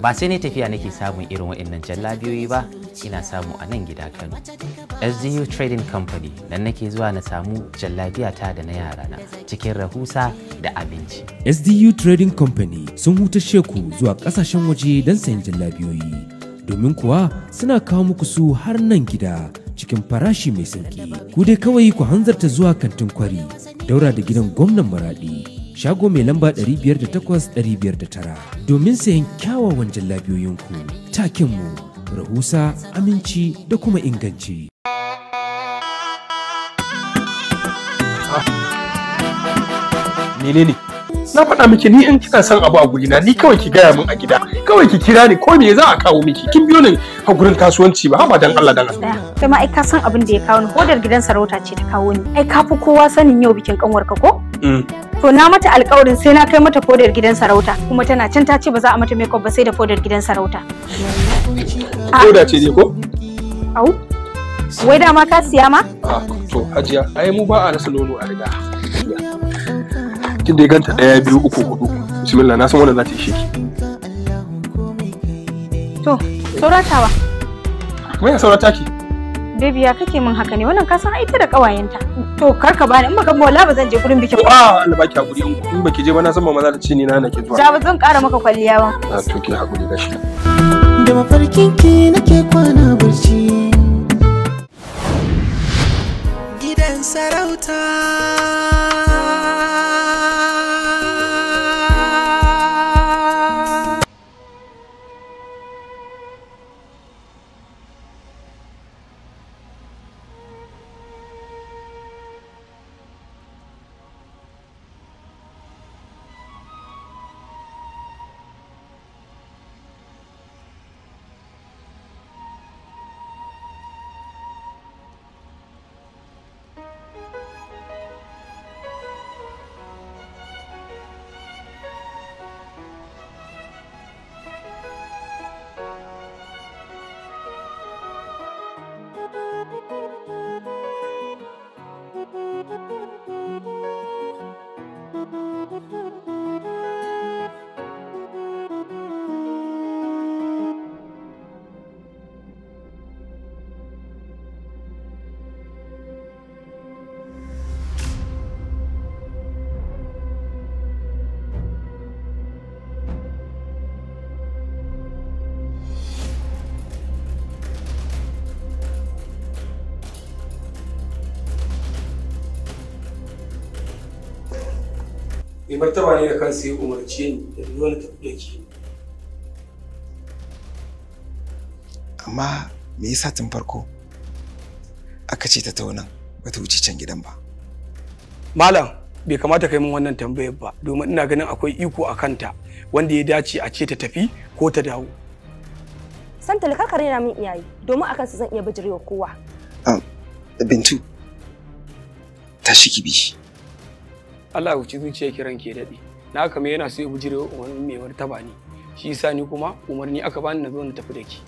ba sai ne tafiya nake samun irin wa'annan jallabiyoyi ba ina samu a nan gida kano sdu trading company nan nake zuwa na samu jallabiya ta da na yara na cikin rahusa da abinci sdu trading company sun huta sheku zuwa kasashen waje don sayan jallabiyoyi domin kuwa suna kawo muku su har nan gida cikin farashi mai sauki ku dai kawai ku hanzarta zuwa kantin kwari daura da gidan gwamnan maradi shago mai lamba 508-509 domin sayan kyawawan jallabiyoyinku takinmu rahusa aminci da kuma inganci. Menene? Na faɗa miki ni in kina son abu a gurina ni kawai ki gaya min a gida. kawai ki kira ni ko me za a kawo miki kin biyo ni a gurin kasuwanci ba haba dan Allah dan Allah kai ma ai ka san abin da ya kawo ni hodar gidan sarauta ce ta kawo ni ai ka fi kowa sanin yau bikin kanwarka ko mm. to na mata alƙawarin sai na kai mata fodar gidan sarauta kuma tana can ta ce ba za a mata makeup ba sai da fodar gidan sarauta foda ce ne ko au wai dama ka siya ma ah, to hajiya ai mu ba a rasa nono a riga kin da ganta daya biyu uku hudu bismillah na san wannan za ta ishe To, sauratawa. Me ya saurata ki? Baby ya kake min haka ne wannan ka san aita da kawayenta. To kar ka bani in baka wala ba zan je gurin bikin. A Allah baki hakuri in baki je ba na san ba maza da ce ni na nake zuwa. Za ba zan ƙara maka kwalliya ba. A ah, to ki hakuri da shi. Da mafarkin ki nake kwana barci. Gidan sarauta. mai martaba ne da kansa ya umarce ni da dole tafi da ke amma me yasa tun farko aka ce ta taunan ba ta wuce can gidan ba malam bai kamata kai min wannan tambayar ba domin ina ganin akwai iko a kanta wanda ya dace a ce ta tafi ko ta dawo santali karkare na min iyaye domin akan su zan iya bijirewa kowa ah, bintu ta shi kibi Allah ya ci zuciya kiran ke daɗe na haka yana so ya bujire wani mai martaba ne shi yasa ni kuma umarni aka bani na zo na tafi da ki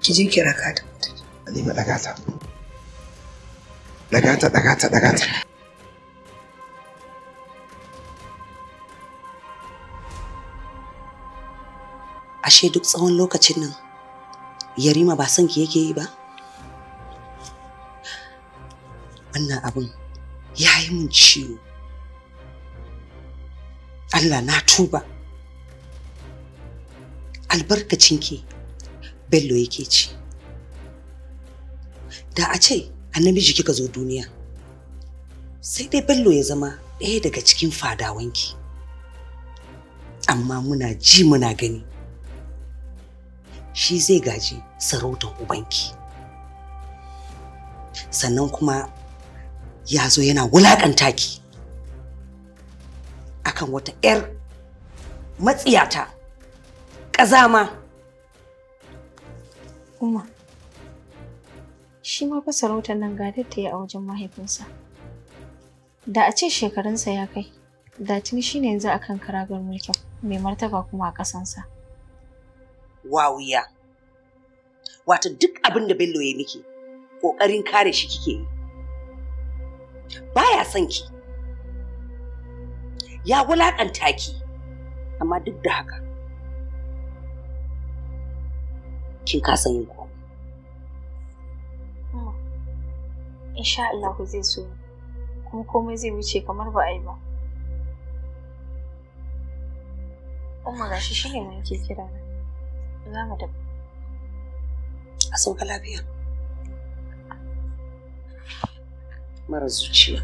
ki je kira ka ta Halima daga ta daga ta daga ta daga ta Ashe duk tsawon lokacin nan Yarima ba san ki yake yi ba? wannan abin ya yi min ciwo allah na tuba albarkacinki bello yake ci da a ce a namiji kika zo duniya sai dai bello ya zama ɗaya daga cikin fadawanki amma muna ji muna gani shi zai gaji sarautar ubanki sannan kuma ya zo yana wulaƙanta ki akan wata 'yar matsiyata ƙazama. Umma, shi ma fa sarautar nan gadatta ya a wajen mahaifinsa. Da a ce shekarunsa ya kai, da tuni shi yanzu akan karagar mulki mai martaba kuma a ƙasansa. Wawiya, wato duk abin da Bello ya miki, ƙoƙarin kare shi kike yi. baya son ki ya wulaƙanta ki amma duk da haka kin kasa yin komai hmm. insha Allah zai so kuma komai zai wuce kamar ba a yi ba umma shi shine mun ke kira na za mu tafi a sauka lafiya mara zuciya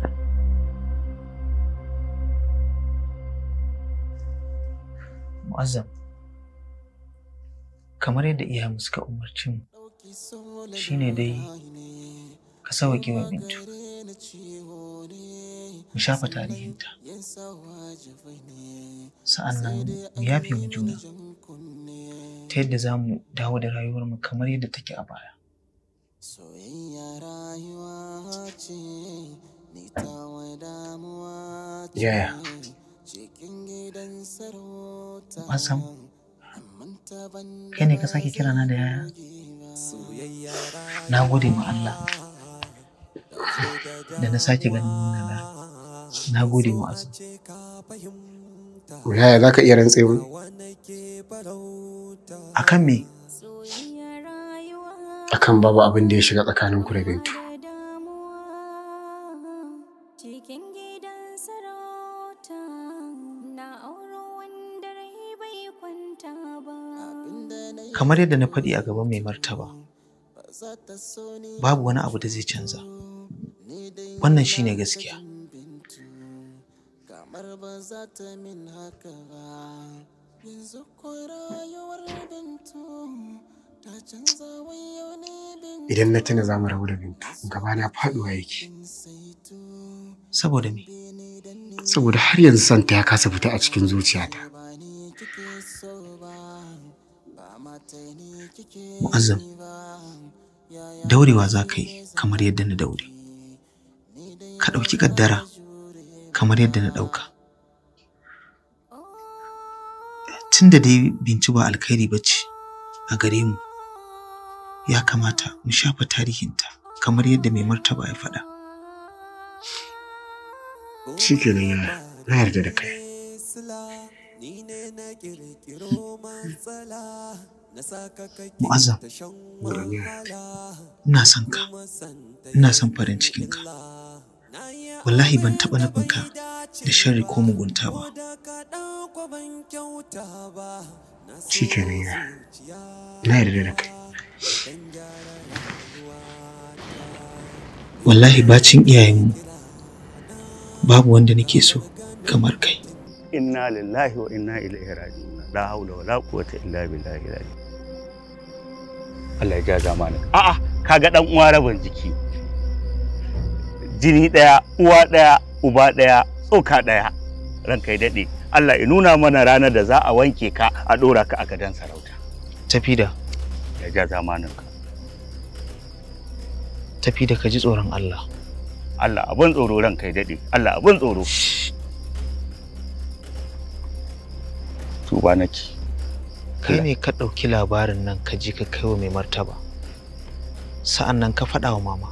mu'azzam kamar yadda iyayenmu suka umarci mu shine dai ka sauke wa bintu mu shafa tarihinta sa'annan mu yafe mu juna ta yadda za mu dawo da rayuwarmu kamar yadda take a baya soyayya rayuwa ce Yaya? kai ne ka sake kira na da yaya? Na gode ma Allah da na sake ganin nana. Na gode ma Allah. Yaya za ka iya rantse mu? A kan me? A kan babu abin da ya shiga tsakaninku da Bintu. kamar yadda na faɗi a gaban mai martaba babu wani abu da zai canza wannan shine gaskiya idan na tuna za mu rabu da bintu gaba na faduwa yake saboda me saboda har yanzu santa ya kasa fita a cikin zuciyata Mu'azzam, daurewa za ka yi kamar yadda na daure. Ka ɗauki ƙaddara kamar yadda na ɗauka. Tun da dai binci ba alkhairi ba ce a gare mu, ya kamata mu shafa tarihinta kamar yadda mai martaba ya faɗa. Shi ke nan yara, na yarda da kai. Hmm. Mu'azzam, ina son ka, ina son farin cikinka. Wallahi ban taɓa nufinka da sharri ko mugunta ba. Shi kenan ya, na yarda da kai. Wallahi bacin iyayenmu babu wanda nake so kamar kai. Inna lillahi wa inna ilaihi raji'un. La haula wa la quwwata illa billahi Allah ya ja zamani a'a kaga dan uwa rabin jiki jini daya uwa daya uba daya tsoka daya ranka ya dade Allah ya nuna mana ranar da za a wanke ka a dora ka a gadon sarauta tafi da ya ja zamanin ka tafi da ka ji tsoron Allah Allah abin tsoro ranka ya dade Allah abin tsoro tuba nake kai ne ka ɗauki labarin nan ka ji ka kaiwa mai martaba sa'an nan ka faɗa wa mama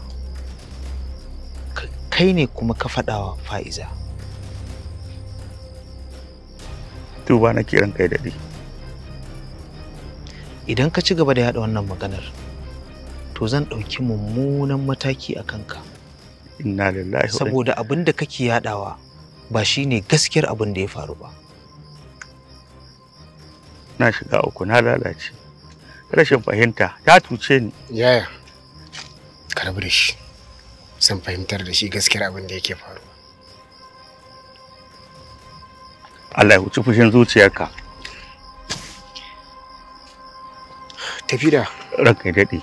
kai ne kuma ka faɗa wa fa'iza tuba na kiran kai daɗi idan ka ci gaba da yaɗa wannan maganar to zan ɗauki mummunan mataki a kanka saboda abin da kake yaɗawa ba shine gaskiyar abin da ya faru ba na shiga uku na lalace rashin fahimta ya tuce ni yaya karbi da shi san fahimtar da shi gaskiyar abin da yake faru. Allah ya huci fushin zuciyarka tafi da ranka ya daɗe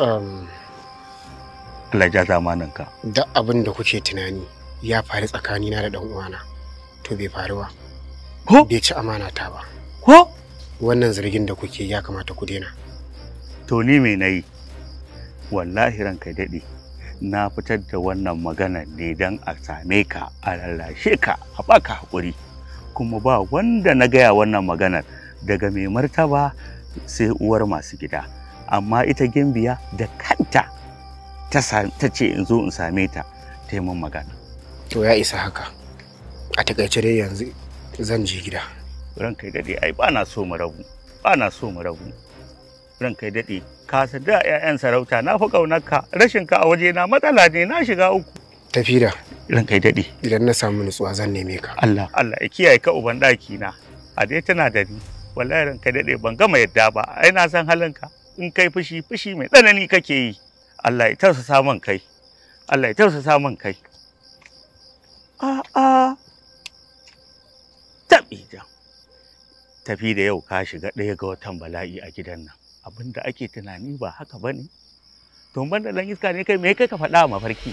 um, Allah ja zamaninka da abin da kuke tunani ya faru tsakanina da ɗan uwana to bai faru bai ci amana ta ba Ko? Wannan zargin da kuke ya kamata ku daina. To ni me na yi? Wallahi ranka daɗe, na fitar da wannan magana ne don a same ka, a lallashe ka, a baka haƙuri. Kuma ba wanda na gaya wannan maganar daga mai martaba sai uwar masu gida. Amma ita gimbiya da kanta ta ce in zo in same ta ta yi magana. To ya isa haka. A takaice dai yanzu zan je gida. ranka daɗe ai ba na so mu rabu ba na so mu rabu ranka daɗe ka sa da 'ya'yan sarauta na fi ƙaunarka rashin ka a waje na matsala ne na shiga uku tafira ranka daɗe idan na samu nutsuwa zan neme ka Allah Allah ya kiyaye ka uban ɗaki na a dai tana da ni wallahi ranka daɗe ban gama yadda ba ai na san halinka in kai fushi fushi mai tsanani kake yi Allah ya tausasa samun kai Allah ya tausasa samun kai a'a taɓi jan tafi da yau ka shiga ɗaya ga watan bala'i a gidan nan abin da ake tunani ba haka ba ne to ban da iska ne kai me kai ka faɗa mafarki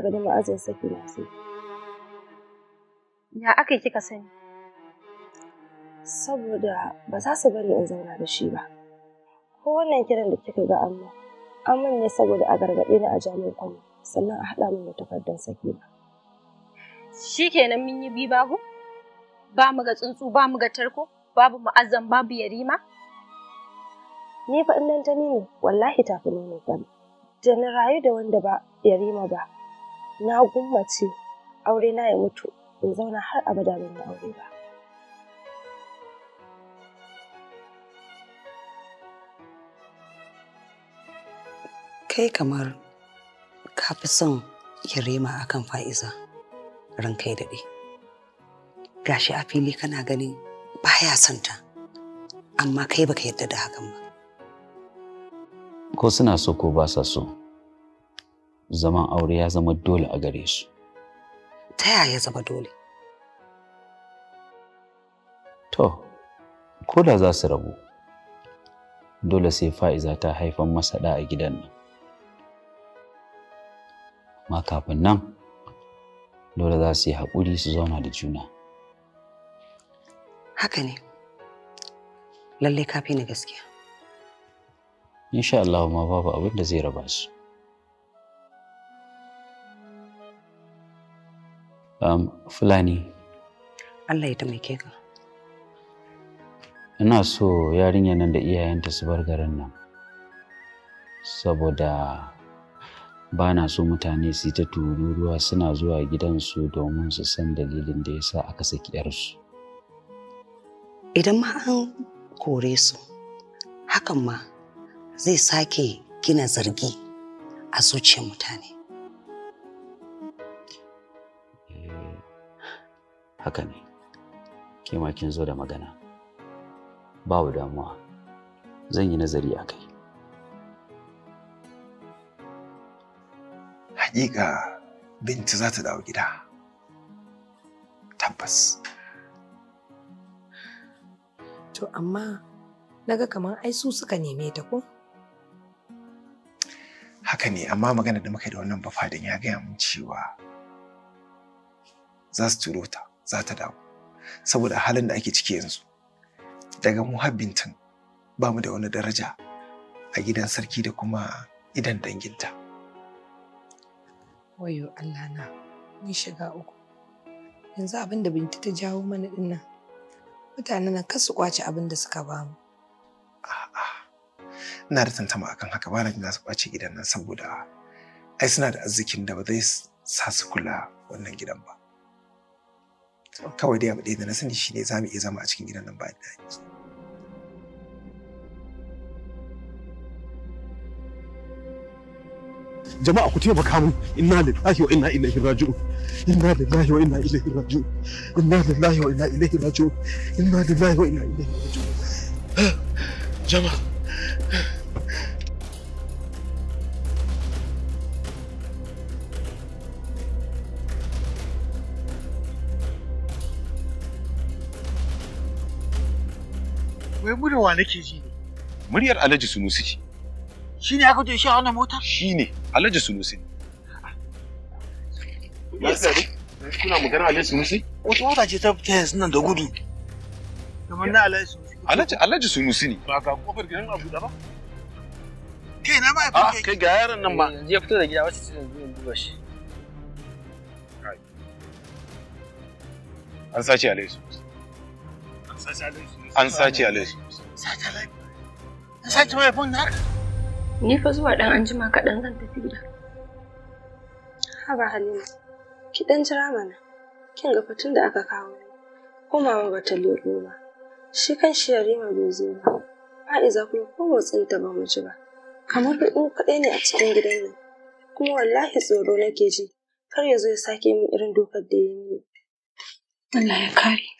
kina ganin ma'azin saki na sai ya aka kika sani saboda ba za su bari in zauna da shi ba ko wannan kiran da kika ga amma amin ne saboda a gargaɗe ni a jami'in kwano sannan a haɗa min da takardar saki ba shikenan mun yi bi babu ba mu ga tsuntsu ba mu ga tarko babu mu'azzam babu yarima ni fa in nan ta ne wallahi tafi ne ne da na rayu da wanda ba yarima ba na gummace aure na ya mutu in zauna har abada ban yi aure ba kai kamar ka fi son Yarema akan fa'iza ran kai daɗe gashi a fili kana ganin baya son ta amma kai baka yarda da hakan ba ko suna so ko ba sa so zaman aure ya zama dole a gare su. Ta yaya zama dole? To, ko da za su rabu, dole sai fa'iza ta haifan masa ɗa a gidan nan. Ma kafin nan, dole za su yi haƙuri su zauna da juna. Haka ne, lallai kafi ne gaskiya. Insha Allah ma babu abin da zai raba su. Um, fulani allah ina so yarinyar nan da iyayenta su bar garin nan saboda ba na so mutane su yi ta tururuwa suna zuwa gidansu domin su san dalilin da ya sa aka saki yarsu idan ma an kore su hakan ma zai sake gina zargi a zuciyar mutane haka ne ke kin zo da magana babu damuwa zan yi nazari a kai Haƙiƙa binta za ta dawo gida tabbas to amma naga kamar ai su suka neme ta ko haka ne amma magana da muka yi da wannan bafadin ya gaya mun cewa za su turo ta za ta dawo saboda halin da ake ciki yanzu daga muhabbintin ba mu da wani daraja a gidan sarki da kuma idan danginta wayo allah na mun shiga uku yanzu abin da binti ta jawo mana dinnan mutanen nan kasu kwace abin da suka ba mu a'a ina da tantama akan haka ba na su kwace gidan nan saboda ai suna da arzikin da ba zai sa su kula wannan gidan ba kawai dai abu ɗaya da na sani ne za mu iya zama a cikin gidan nan ba da daɗi jama'a ku taimaka mu inna lillahi wa inna ilaihi raji'un inna lillahi wa inna ilaihi raji'un inna lillahi wa inna ilaihi raji'un inna lillahi wa inna ilaihi raji'un jama'a Wai wa nake ji ne. Muryar Alhaji Sunusi ce. Shi ne aka shi a wannan mota? Shi ne, Alhaji Sunusi ne. Kuna magana Alhaji Sunusi? Wata mota ce ta fita yanzu nan da gudu. Kamar na Alhaji Sunusi. Alhaji Alhaji Sunusi ne. Ba ga kofar gidan Abu da ba? Kai na ba ya fita. Ah, kai ga yaron nan ba. Eh, ya fito da gida wacce ce yanzu yanzu duba shi. An sace Alhaji Sunusi. An sace Alhaji Sunusi. An sace Alhaji. Sace Alhaji. An sace mahaifin naka. Ni fa zuwa dan anjima kaɗan zan tafi gida. Haba Halima, ki ɗan jira mana. Kin ga fatun da aka kawo ni. Komawa ba bata lero ba. Shi kan shi Yarima bai zo ba. Fa'iza kuma ko ta ba mu ji ba. Kamar da ɗin kaɗai ne a cikin gidan nan. Kuma wallahi tsoro nake ji. Kar ya zo ya sake min irin dokar da ya yi. Allah ya kare.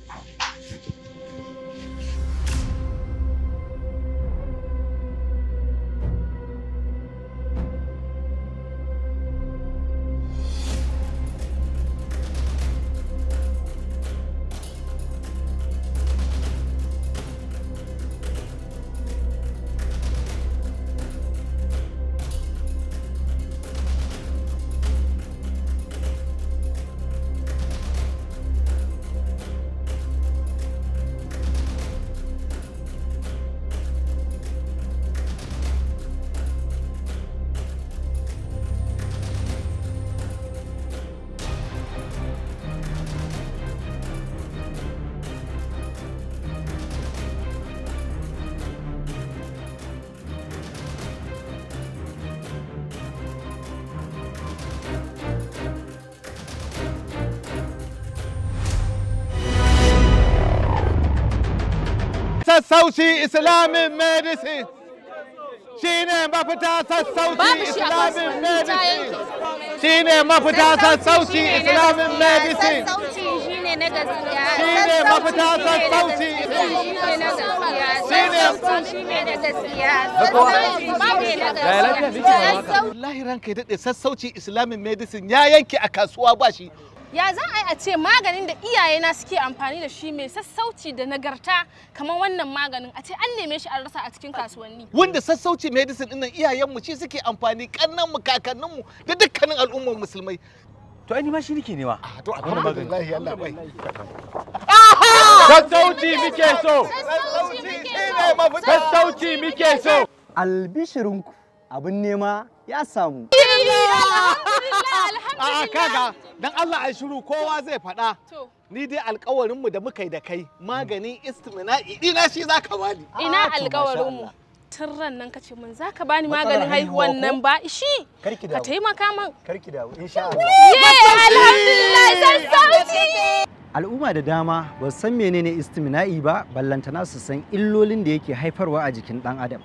sassauci islamic medicine shine mafita sassauci islamic medicine shine mafita sassauci islamic medicine shine mafita sassauci shine wallahi ranka ya daɗe sassauci islamic medicine ya yanke a kasuwa ba shi ya za a yi a ce maganin da iyayena suke amfani da shi mai sassauci da nagarta kamar wannan maganin a ce an neme shi an rasa a cikin kasuwanni wanda sassauci medicine dinnan iyayenmu shi suke amfani kannan mu kakanninmu da dukkanin al'ummar musulmai to ai ma shi nake nema ah, to akwai maganin. wallahi Allah bai sassauci muke so sassauci muke so albishirinku abin nema ya samu alhamdulillah alhamdulillah ah, Dan Allah ai shiru kowa zai faɗa. Ni dai alkawarinmu da muka yi da kai maganin istimina'i ina shi za bani. Ina ah, alkawarinmu. Tun ran nan kace mun za ka bani maganin haihuwan nan ba shi. Ka taimaka min. Karki dawo insha Allah. alhamdulillah san sauki. Al'umma da dama ba san menene istimina'i ba ballantana su san illolin da yake haifarwa a jikin ɗan adam.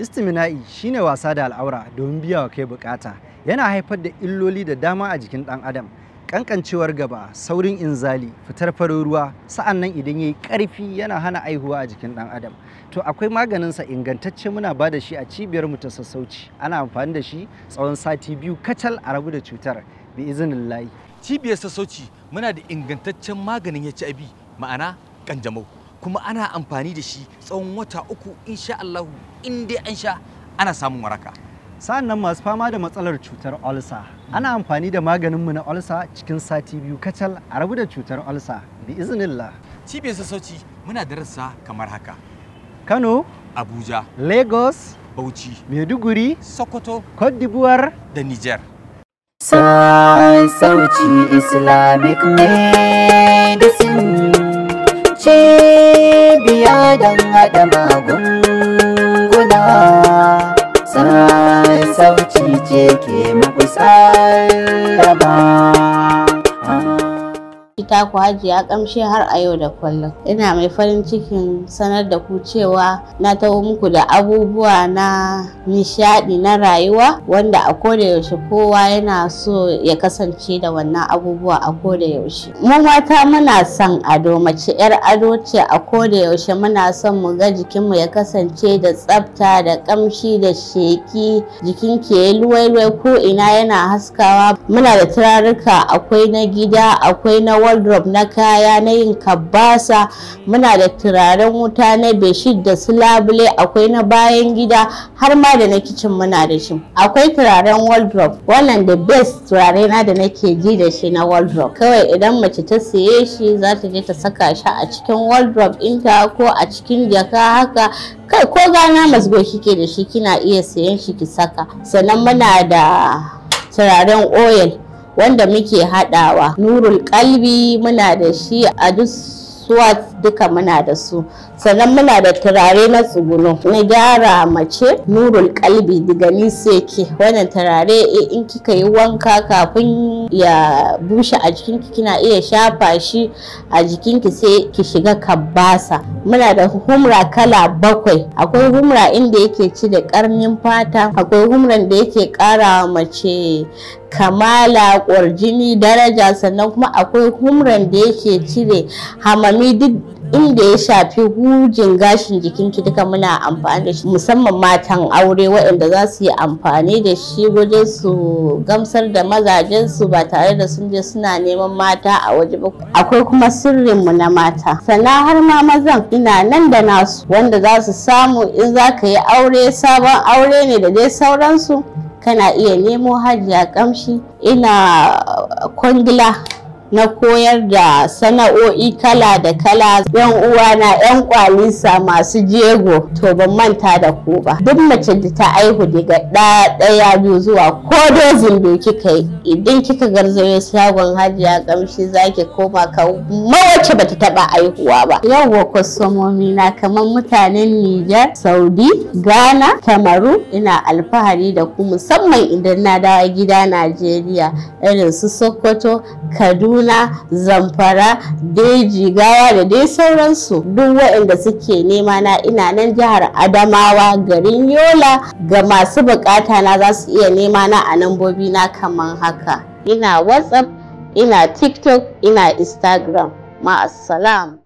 istimina'i shine wasa da al'aura domin biya wa kai bukata yana haifar da illoli da dama a jikin dan adam kankancewar gaba saurin inzali fitar farin ruwa sa'annan idan ya yi ƙarfi yana hana aihuwa a jikin ɗan adam to akwai maganinsa ingantacce muna ba da shi a cibiyar mu ta sassauci ana amfani da shi tsawon sati biyu kacal a rabu da cutar bi izinin layi cibiyar sassauci muna da ingantaccen maganin hiv ma'ana kanjamau kuma ana amfani da shi tsawon wata uku insha Allahu in dai an sha ana samun waraka sa'an nan masu fama da matsalar cutar olsa ana amfani da maganinmu na olsa cikin sati biyu kacal a rabu da cutar olsa bi iznillah cibiyar sassauci muna darasa kamar haka kano abuja lagos bauchi maiduguri sokoto cote d'ivoire da niger sassauci islamic medicine cibiya don haɗa magunguna sassauci ce ke muku sarraba Ita ku hajiya kamshe har a yau da kullum. Ina mai farin cikin sanar da ku cewa na taho muku da abubuwa na nishadi na rayuwa wanda a koda yaushe kowa yana so ya kasance da wannan abubuwa a koda yaushe. Mu mata muna son ado mace yar ado ce a koda yaushe muna son mu ga mu ya kasance da tsafta da kamshi da sheki jikin ke yi luwai ko ina yana haskawa muna da turaruka akwai na gida akwai na wardrobe na kaya na yin kabasa muna da turaren wuta na beshit da su labule akwai na bayan gida har ma da na kicin muna da shi akwai turaren wardrobe wannan da best turare na da nake ji da shi na wardrobe kawai idan mace ta saye shi za ta je ta saka shi a cikin wardrobe ɗinta ko a cikin jaka haka kai ko gana masgo kike da shi kina iya siyan shi ki saka sannan muna da turaren oil wanda muke haɗawa nurul kalbi muna da shi a duk swat duka muna da su sannan muna da turare na tsuguno na gyara mace nurul kalbi daga niseki wannan turare eh, in kika yi wanka kafin ya bushe a jikinki kina iya shafa shi a jikinki sai ki shiga kabasa muna da humra kala bakwai akwai humra inda yake ci da karnin fata akwai humran da yake kara mace kamala ƙwarjini daraja sannan kuma akwai humran da yake cire hamami duk inda ya shafi hujin gashin jikinki duka muna amfani da shi musamman matan aure waɗanda za su yi amfani da shi wajen su gamsar da mazajensu ba tare da sun je suna neman mata a waje ba akwai kuma sirrinmu na mata sana har ma mazan ina nan da nasu wanda za su samu in za ka yi aure sabon aure ne da dai sauransu kana iya nemo a kamshi ina kwangila na koyar da sana'o'i kala da kala yan na yan kwalisa masu jego to ban manta da ku ba duk mace da ta aihu daga ɗaya biyu zuwa ko dozin biyu kika yi idan kika garzayo shagon hajiya kamshi zaki koma ka mawace bata taba aihuwa ba yawwa kwastomomi na kamar mutanen Nijar Saudi Ghana Kamaru ina alfahari da ku musamman idan na dawo gida Najeriya irin su Sokoto Kaduna Kaduna, Zamfara, Deji, Gawa da dai sauransu. Duk waɗanda suke nema na ina nan jihar Adamawa garin Yola ga masu bukata na za su iya nema na a lambobi na kamar haka. Ina WhatsApp, ina TikTok, ina Instagram. ma'asalam.